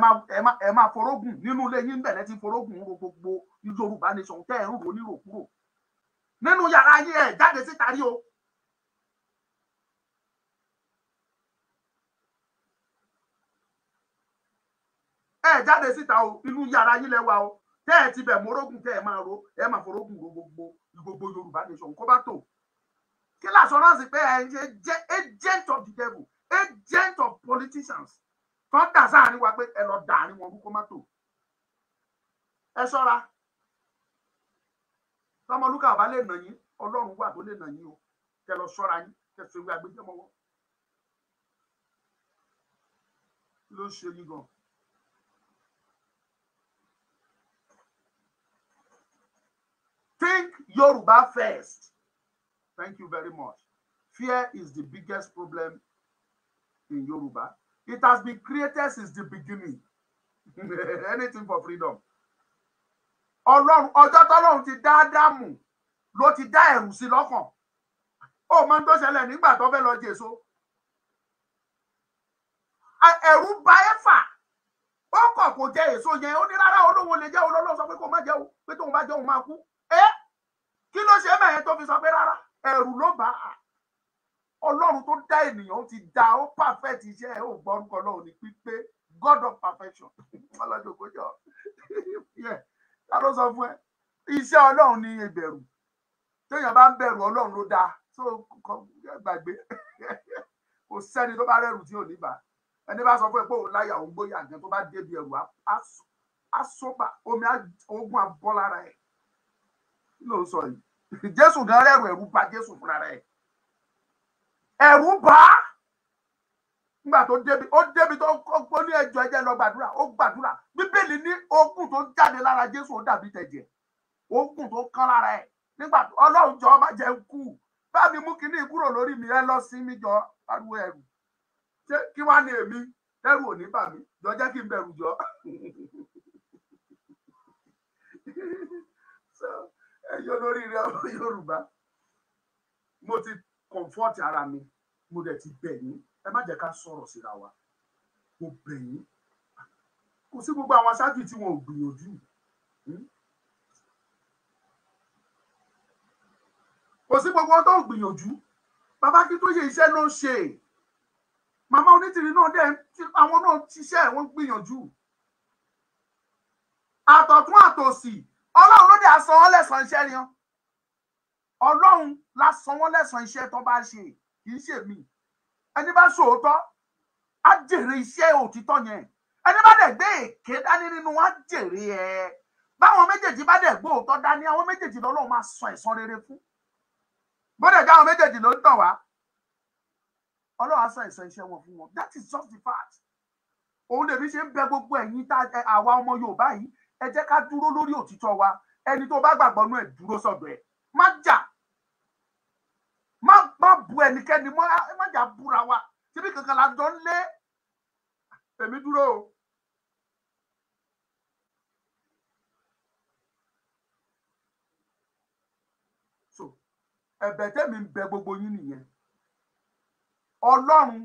ẹ máa forógùn nínú ilé yín bẹ̀rẹ̀ ti forógùn ro gbogbo Yorùbá nation tẹ́ ẹ ń ro níròkúrò nínú yàrá yín ẹ jáde síta rí o ẹ jáde síta o inú yàrá yín lẹ́wà o tẹ́ ẹ ti bẹ̀ mọ́rógùn tẹ́ ẹ máa ro ẹ máa forógùn ro gbogbo gbogbo yorùbá nation kó bá tò kí l'assurance pé ẹ ṣe jẹ́ agent of the devil agent of politicians kan dà sáàrin wa pé ẹ lọ dà àárín wọn kó má tò ẹ ṣọ́ra tọmọlúkà ọba lè nà yín ọlọ́run wà tó lè nà yín o kẹ lọ ṣọ́ra yín kẹ sọ ìwé àgbéjẹmọwọ ló ń ṣe yín gan-an. Think Yoruba first. Thank you very much. Fear is the biggest problem in Yoruba. It has been created since the beginning. <laughs> Anything for freedom. Ọlọ́run ọjọ́ tọ́lọ́run ti dá Ádámù ló ti dá ẹ̀rù sí lọ́kàn. Ó máa ń tó ṣẹlẹ̀ nígbà tó fẹ́ lọ jèso. Ẹ̀rù bà Éfà. Ó kọ̀ kò jẹ èso yẹn. Ó ní rárá olówó lè jẹ́ olólùsọ pé kò má jẹ́ pé tóun bá jẹ́ máa kú kí ló ṣe bẹ́ẹ̀ tó fi sọ pé rárá ẹ̀rù ló bá a ọlọ́run tó dá ènìyàn ti dá ó perfect iṣẹ́ ẹ̀ ó gbọ́ orúkọ ọlọ́run ní pípé god of perfection <laughs> ọlọ́jọ́ kọjọ́ <laughs> ta ló sọ fún ẹ iṣẹ́ ọlọ́run ní ìbẹ̀rù téèyàn bá ń bẹ̀rù ọlọ́run ló dáa tó gbàgbé <laughs> kò sẹ́ni tó bá rẹ̀rù tí ò ní bá ẹni bá sọ fún ẹ pé òun láyà òun gbóyà gan tó bá débi ẹ̀rù á sọ́pà omi ogun àbọ́ lára ẹ̀ kí ló ń sọ yìí <laughs> jésù gan rẹrù ẹ̀rù bà jésù fúnra rẹ̀ ẹ̀rù bà nígbà tó débi ó débi tó ó ní ẹjọ́ ẹjẹ lọ gbàdúrà ó gbàdúrà bíbélì ní ogún tó ń jáde lára jésù ó dàbí tẹ̀jẹ̀ ogún tó kán lára ẹ̀ nígbà ọlọ́run jọ má jẹ́ kú bá mi mú kinní kúrò lórí mi ẹ lọ sí mi jọ ariwo ẹ̀rù ṣé kí wàá ní èmi ẹ̀rù ò ní bà mí jọ jẹ́ kí n bẹ̀rù jọ. <laughs> ẹyọ lórí rẹ Yorùbá mo ti comfort ara mi mo dẹ̀ ti bẹ̀ yín ẹ má jẹ́ ká sọ̀rọ̀ síra wa mo bẹ̀ yín kò sí gbogbo àwọn aṣáájú tí wọn ò gbìyànjú hmm? kò sí gbogbo ọtọ́ ò gbìyànjú bàbá kí tó yẹ iṣẹ́ ló ń ṣe màmá onítìrí náà dẹ̀ àwọn náà ṣiṣẹ́ wọ́n gbìyànjú àtọ̀tún àtòsì ọlọ́run ló dé asan wọn lẹ́sàn iṣẹ́ ni ọlọ́run lásán wọn lẹ́sàn iṣẹ́ tó bá ṣe kì í ṣe mí ẹni bá ṣòótọ́ á jèrè iṣẹ́ òtítọ́ yẹn ẹni bá dẹ̀ gbé èké dání nínú wọn á jèrè ẹ̀ báwọn méjèèjì bá dẹ̀ gbóòótọ́ dání àwọn méjèèjì lọ́lọ́run máa san ẹ̀san rere fún bóde káwọn méjèèjì ló ń tàn wá ọlọ́run á san ẹ̀san iṣẹ́ wọn fún wọn that is just the fact òun lèmi ṣe ń bẹ gbogbo ẹ̀yin àwa ọmọ Yorùbá yìí ẹ jẹ́ ká dúró lórí òtítọ́ wa ẹni tó bá gbàgbọ́ nú ẹ̀ dúró sọ̀dọ̀ ẹ̀ má jà má má bu ẹnikẹ́ni má jà búra wa síbi kankan la jọ ń lé èmi dúró o. so ẹ̀bẹ̀ tẹ́mi ń bẹ gbogbo yín nìyẹn ọlọ́run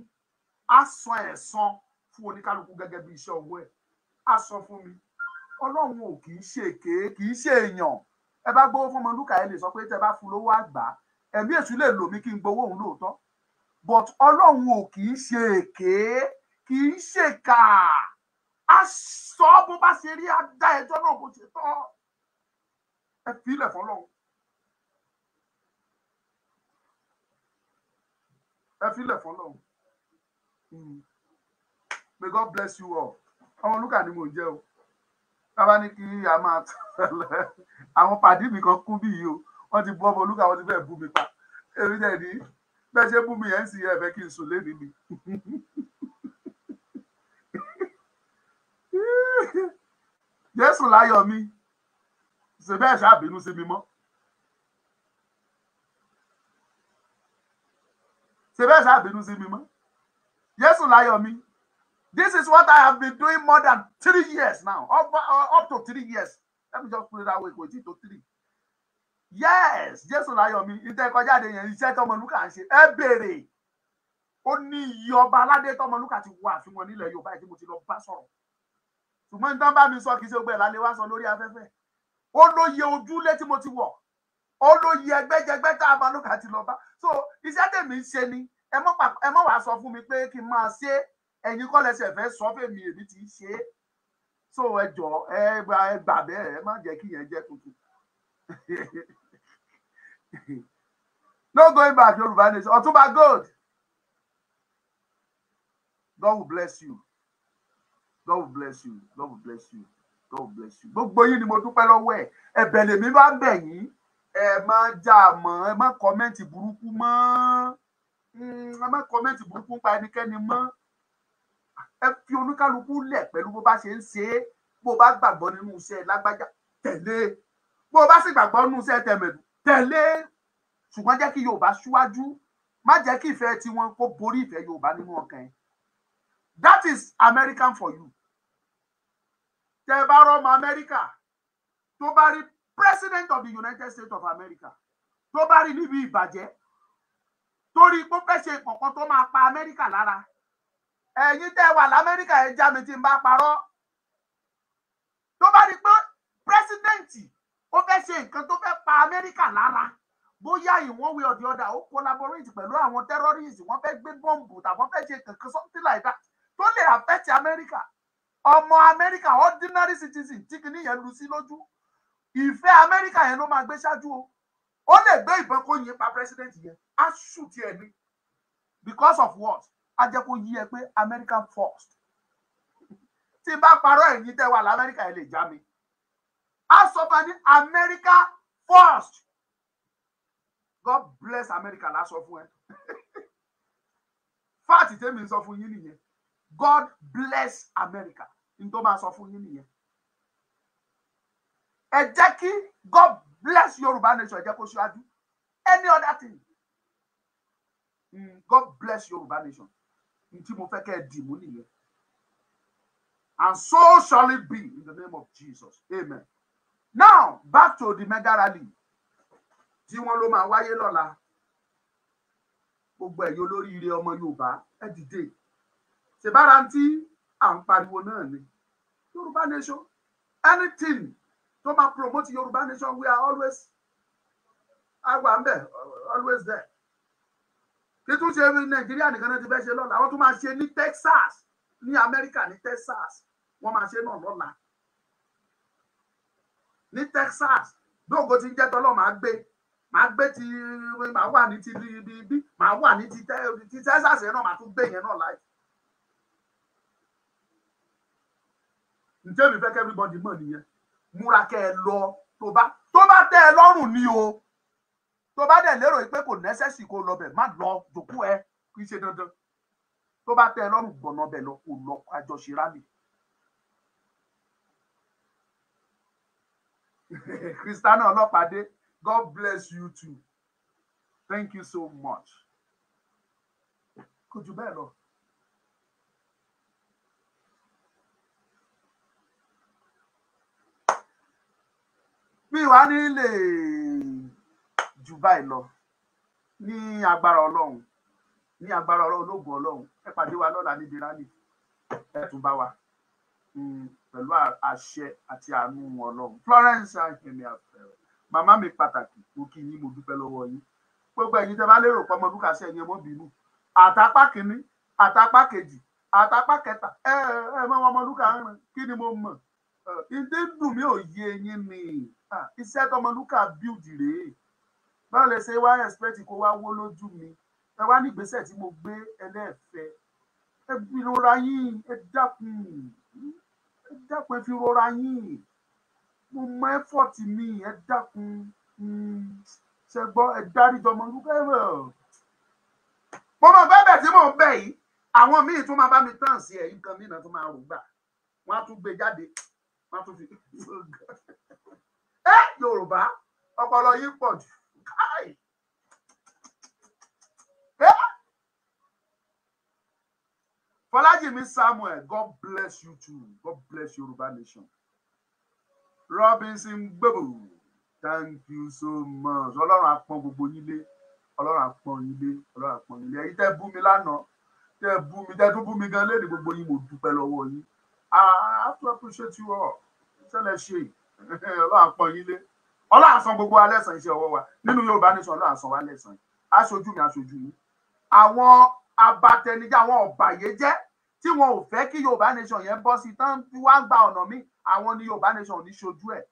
á san ẹ̀san fún oníkálukú gẹ́gẹ́ bí iṣẹ́ ọwọ́ ẹ̀ á san fún mi ọlọ́run ò kì í ṣe èké kì í ṣe èèyàn ẹ bá gbowó fún ọmọlúkà ẹ lè sọ pé tẹ bá fún lówó àgbà ẹ̀mí èṣù lè lò mí kí n gbowó òun lóòótọ́ but ọlọ́run ò kì í ṣe èké kì í ṣèkà á sọ bó bá ṣe rí á dá ẹjọ́ náà bó ṣe tọ́ ẹ fi ilẹ̀ fọlọ́run. ẹ filẹ̀ fọlọ́run hmm. may God bless you all ọmọ lúkà ni mò ń jẹ́ o bàbá ní kí a máa tẹ̀lé àwọn pàdé mi kan kún bí yìí o wọ́n ti bú ọmọ olúkà wọ́n ti fẹ́ bú mi pa èmi dẹ̀ ní bẹ́ẹ̀ ṣe bú mi yẹn sì ẹ̀fẹ́ kí n sùn lé nìmi. jésù láyọ̀ mi ṣe bẹ́ẹ̀ ṣàbínú sí mi mọ́. ṣe bẹ́ẹ̀ ṣàbínú sí mi mọ́. jésù láyọ̀ mi. This is what I have been doing more than three years now, up, uh, up to three years. Let me just put it that way, kò tí three. Yes, Jésù Láyọ̀mí, ìtẹ̀kọ́jáde yẹn iṣẹ́ tọmọlúkà ń ṣe ẹ béèrè. Ó ní iye ọba aládé tọmọlúkà ti wà fún wọn nílẹ̀ Yorùbá tí mo ti lọ bá sọ̀rọ̀. Ṣùgbọ́n ní tán bá mi sọ kì í ṣe gbẹ̀ lálẹ́ wá sọ lórí afẹ́fẹ́. Ó lóye ojúlé tí mo ti wọ̀. Ó lóye ẹgbẹ́jẹgbẹ́ tá a balùkà ti lọ bá. So iṣẹ́ tèmi ń ṣe ni ẹ mọ́ wàá sọ fún mi pé kí n máa ṣe é ẹ̀yin kọ́ lẹ́sẹ̀ fẹ́ sọ fèmí èmi ti ṣe é so ẹ jọ ẹ gba ẹ gbà bẹ́ẹ̀ ẹ má jẹ́ kí yẹn jẹ́ tuntun no going back yorùbá nation ọ̀túnba gold god will bless you god will bless you god will bless you god will bless you gbogbo yín ni mo dúpẹ́ lọ́wọ́ ẹ̀ ẹ̀bẹ̀ lèmi bá ń bẹ̀ yín ẹ má jà mọ́ ẹ má kọ́mẹ́ǹtì burúkú mọ́ hmm, ẹ má kọ́mẹ́ǹtì burúkú pa ẹnikẹ́ni mọ́ ẹ fi oníkálukú lẹ̀ pẹ̀lú bó bá ṣe ń ṣe é bó bá gbàgbọ́ nínú iṣẹ́ lágbájá tẹ̀lé e. bó bá sì gbàgbọ́ nínú iṣẹ́ tẹ̀mẹ̀dù tẹ̀lé e. ṣùgbọ́n jẹ́ kí Yorùbá ṣíwájú má jẹ́ kí ìfẹ́ tiwọn kó borí ìfẹ́ Yorùbá nínú ọkàn ẹ̀ that is American for you tẹ bá rọmọ Amẹ́ríkà tó bá rí president of the United States of America tó bá rí níbi ìbàjẹ́ torí pé ó fẹ́ ṣe ìpọ̀kan tó máa pa Amẹ́ríkà lára ẹ̀yin tẹ́ wà lamẹ́ríkà ẹ̀ já mi tí n bá parọ́ tó bá rí pé pírẹsidẹ́ǹtì ó fẹ́ ṣe nǹkan tó fẹ́ pa amẹ́ríkà lára bóyá ìwọ́n wé ọ̀dì ọ̀dà ó collaborate pẹ̀lú àwọn terrorists wọ́n fẹ́ gbé bọ́ǹbù tàbọ́n fẹ́ ṣe kankan something like that tó lè affect amẹ́ríkà ọmọ amẹ́ríkà ordinary citizen tí kìíní yẹn lu sí lójú ìfẹ́ amẹ́ríkà yẹn ló máa gbé ṣáájú o ó lè gbé ìbọn kó yin pa president yẹn á ṣùtì ẹ̀ ní because of what á jẹ́ kó yí ẹ pé American first tí bá parọ́ ẹ̀yin tẹ́ wà lamẹ́ríkà ẹ lè já mi á sọ fún ẹ America first God bless America la sọ fún ẹ <laughs> fáàtì tèmi sọ fún yín nìyẹn God bless America n tó máa sọ fún yín nìyẹn ẹ jẹ́ kí God bless Yorùbá nation ẹ jẹ́ kó ṣáájú any other thing mm, God bless Yorùbá nation tí mo fẹ́ kẹ́ ẹ dì mú nìyẹn and so shall it be in the name of Jesus amen now back to the mega rally tí wọ́n ló máa wáyé lọ́la gbogbo ẹ̀yọ́ olóríire ọmọ Yorùbá ẹ dìde ṣèbáraǹtí à ń pariwo náà ni Yorùbá nation anything tó máa promote Yorùbá nation we are always àwa ń bẹ always there títún ṣe nàìjíríà nìkan náà ti fẹ́ ṣe lọ́la wọ́n tún máa ṣe ní Texas ní Amẹ́ríkà ní Texas wọ́n máa ṣe náà lọ́la ní Texas gbóògó ti ń jẹ́ tọ́lọ́ máa gbé máa gbé ti máa wà ní ti bí máa wà ní ti Texas yẹn náà máa tún gbé yẹn náà láì. ǹjẹ́ mi fẹ́ kẹ́ everybody mọ̀ nìyẹn múra kẹ́ ẹ lọ tó bá tó bá tẹ́ ẹ lọ́rùn ni o tó bá dẹ̀ lérò pé kò nẹ́sẹ̀sì kó lọ bẹ̀ má lọ jòkó ẹ kì í ṣe dandan tó bá tẹ́ ẹ lọ́rùn gbọ̀nà bẹ̀ lọ kò lọ àjọṣe rálì. <laughs> kristiano ọlọ́pàdé god bless you too thank you so much kò jù bẹ́ẹ̀ lọ. bí wàá ní lè jù báyìí lọ ní agbára ọlọ́run ní agbára ọlọ́run lóògùn ọlọ́run ẹ pàdé wa lọ́la níbi rálì ẹ tún bá wa mm, pẹ̀lú àṣẹ àti àánú ọlọ́run Florence Akemi Apẹ̀rẹ̀ màmá mi pàtàkì mo kí yín mo dúpẹ́ lọ́wọ́ yín gbogbo ẹ̀yin tẹ́ bá lérò pé ọmọ Lucas ẹ̀yin ẹ mọ́ bínú àtàpá kìíní àtàpá kejì àtàpá kẹta ẹ ẹ mọ ọmọ Lucas ń kí ni mo mọ̀ ìdí dùn mí ò yé yín ni iṣẹ́ tọmọ Lucas bíùdì rèé báwo lẹ ṣe wá expect kó wá wó lójú mi ẹ wá ní ìgbésẹ̀ tí mo gbé ẹlẹ́ẹ̀fẹ́ ẹ fi rora yín ẹ dákun ẹ dákun ẹ fi rora yín mo mọ effort mi ẹ dákun hmm, ṣe gbọ́ ẹ dárí jọmọ lúkẹ́ rẹ̀. mo mọ bẹ́ẹ̀ bẹ́ẹ̀ tí mò ń bẹ̀ yìí àwọn míì tún máa bá mi tàn sí ẹ̀ nǹkan mìíràn tún máa rò gbà wọ́n á tún gbé jáde wọ́n á tún fi. <laughs> ẹ Yorùbá ọpọlọ yín pọ̀ jù káì Fọlájìmí Samuel God bless you too God bless your urban nation Robinson gbèbò thank you so much Ọlọ́run apọ́n gbogbo yín lé Ọlọ́run apọ́n yín lé Ọlọ́run apọ́n yín lé èyí tẹ́ bú mi lánàá tẹ́ bú mi tẹ́ tún bú mi gan lẹ́nu gbogbo yín mo dúpẹ́ lọ́wọ́ yín I have to appreciate you all ṣẹlẹ̀ ṣe <laughs> Ọlọ́run apọ́n yín lé ọlọ́run san gbogbo wa iṣẹ́ ọwọ́ wa nínú yorùbá nation ọlọ́run san wa lẹ́san aṣojú mi aṣojú mi àwọn abatẹnijẹ́ àwọn ọ̀bàyéjẹ́ tí wọn ò fẹ́ kí yorùbá nation yẹn bọ́ sí tán tí wọ́n gba ọ̀nà míì àwọn ni yorùbá nation ní ṣojú ẹ̀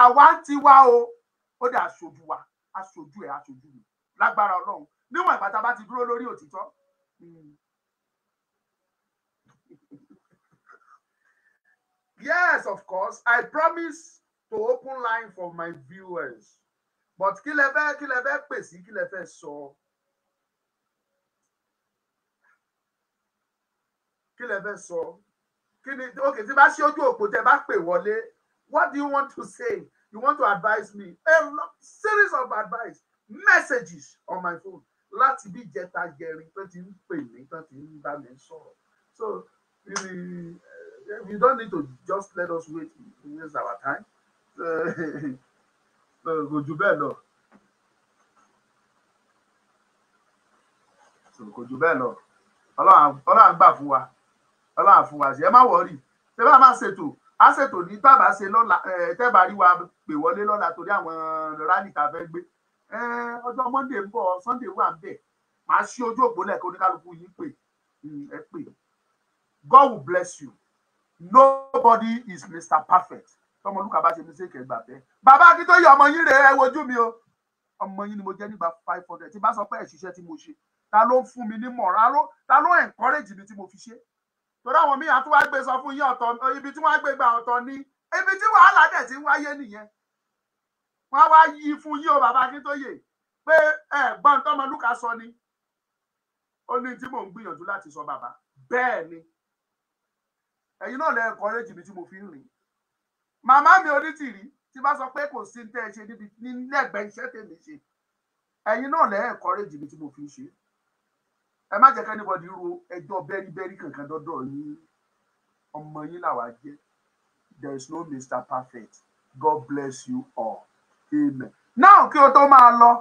àwa ń tiwa o ó dẹ̀ aṣojú wa aṣojú ẹ̀ aṣojú mi lágbára ọlọ́run níwọ̀n ìgbà tá a bá ti dúró lórí òtítọ́ hmm. <laughs> yes of course i promise to open line for my viewers but kí lẹ fẹ́ kí lẹ fẹ́ pè sí kí lẹ fẹ́ sọ kí lẹ fẹ́ sọ kí ni ok tí bá ṣe ojú òpó tẹ́ bá pè wọlé what do you want to say you want to advise me a series of advice messages on my phone láti bí ìjẹta jẹrin tó ti ń pè mí tó ti ń bá mi sọ̀rọ̀ so you we, don't need to just let us wait we waste our time Eh, <laughs> eh, kò jù bẹ́ẹ̀ lọ kò jù bẹ́ẹ̀ lọ ọlọ́run gbà fún wa ọlọ́run fún wa ṣe ẹ má wọrí ṣe bá má ṣètò á ṣètò ní bàbá ṣe lọ́la eh, tẹ́bà rí wa pè wọlé lọ́la torí àwọn rálì tá a fẹ́ gbé ọjọ́ monday ń bọ̀ sunday wà ń bẹ̀ màá ṣí ojú òpó lẹ́ẹ̀kan oníkálukú yìí pè hmm, ẹ pè God will bless you nobody is Mr. Perfect tọmọlúkà bá ṣe ní sèkè gbà bẹ́ẹ̀ bàbá akíntóyè ọmọ yín rèé ẹ wojú mi o ọmọ yín ni mo jẹ́ nígbà five hundred tí bá sọ pé ẹ̀ṣiṣẹ́ tí mo ṣe ta ló ń fún mi ní mọ̀ra ló ta ló encourage mi tí mo fi ṣe torí àwọn míì àtúwá gbé sọ fún yín ọ̀tọ̀ ibi tí wọ́n gbé gba ọ̀tọ̀ ni ibi tí wàhálà dẹ̀ ti ń wáyé nìyẹn wọ́n wá yí fún yín o bàbá akíntóyè pé ẹ̀gbọ́n tọmọlúkà sọ ni ó ní tí mò ń gbìyànjú láti sọ bàbá bẹ́ẹ̀ ni ẹ̀yin náà lẹ encourage mi tí mo fi ń rìn màmá mi onítìrí tí bá sọ pé kò sí tẹ́ ẹ ṣe níbi nílẹ̀gbẹ́ iṣẹ́ tèmi ṣe ẹ̀yin náà lẹ́ encourage jìbìtì tí mo fi ṣe ẹ má jẹ́ kẹ́nìbọ̀dì ro ẹjọ́ bẹ́rìbẹ́rì kankan dọ́dọ̀ yín ọmọ yín làwa jẹ́ there is no Mr. Perfect God bless you all amen. náà kí o tó máa lọ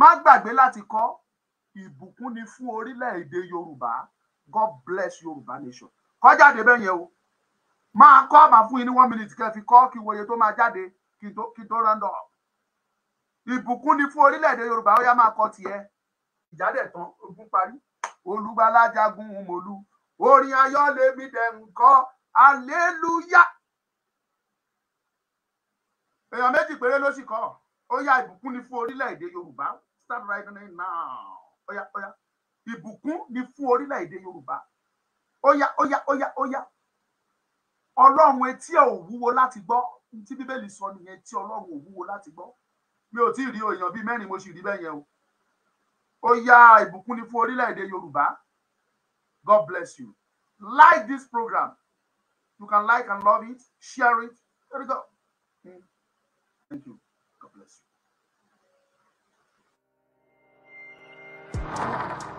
má gbàgbé láti kọ ìbùkún ni fún orílẹ̀-èdè Yorùbá God bless Yorùbá nation kọjá débẹ̀ yẹn o máa kọ́ máa fún yín ní one minute kẹ́ fi kọ́ kí wòye tó máa jáde kí tó rẹ́ńdọ̀ ìbùkún ni fún orílẹ̀-èdè Yorùbá ó yá máa kọ́ tiẹ̀ ìjádẹ̀ tán ogun parí olúbalájagun mòlú orin ayọ̀ lèmi dẹ̀ ń kọ́ aleluya èèyàn méjì péré ló sì kọ́ ó yá ìbùkún ni fún orílẹ̀-èdè Yorùbá start right now ó yá ó yá ìbùkún ni fún orílẹ̀-èdè Yorùbá ó yá ó yá ó yá ó yá ọlọ́run etí ẹ̀ ò wúwo láti gbọ́ tí bíbélì sọ nìyẹn tí ọlọ́run ò wúwo láti gbọ́ mi ò tí ì rí èèyàn bíi mẹ́rin mo sì rí bẹ́ẹ̀ yẹn o ó yá ìbùkún ni fún orílẹ̀-èdè yorùbá god bless you like this program you can like and love it share it there you go mm. thank you god bless you.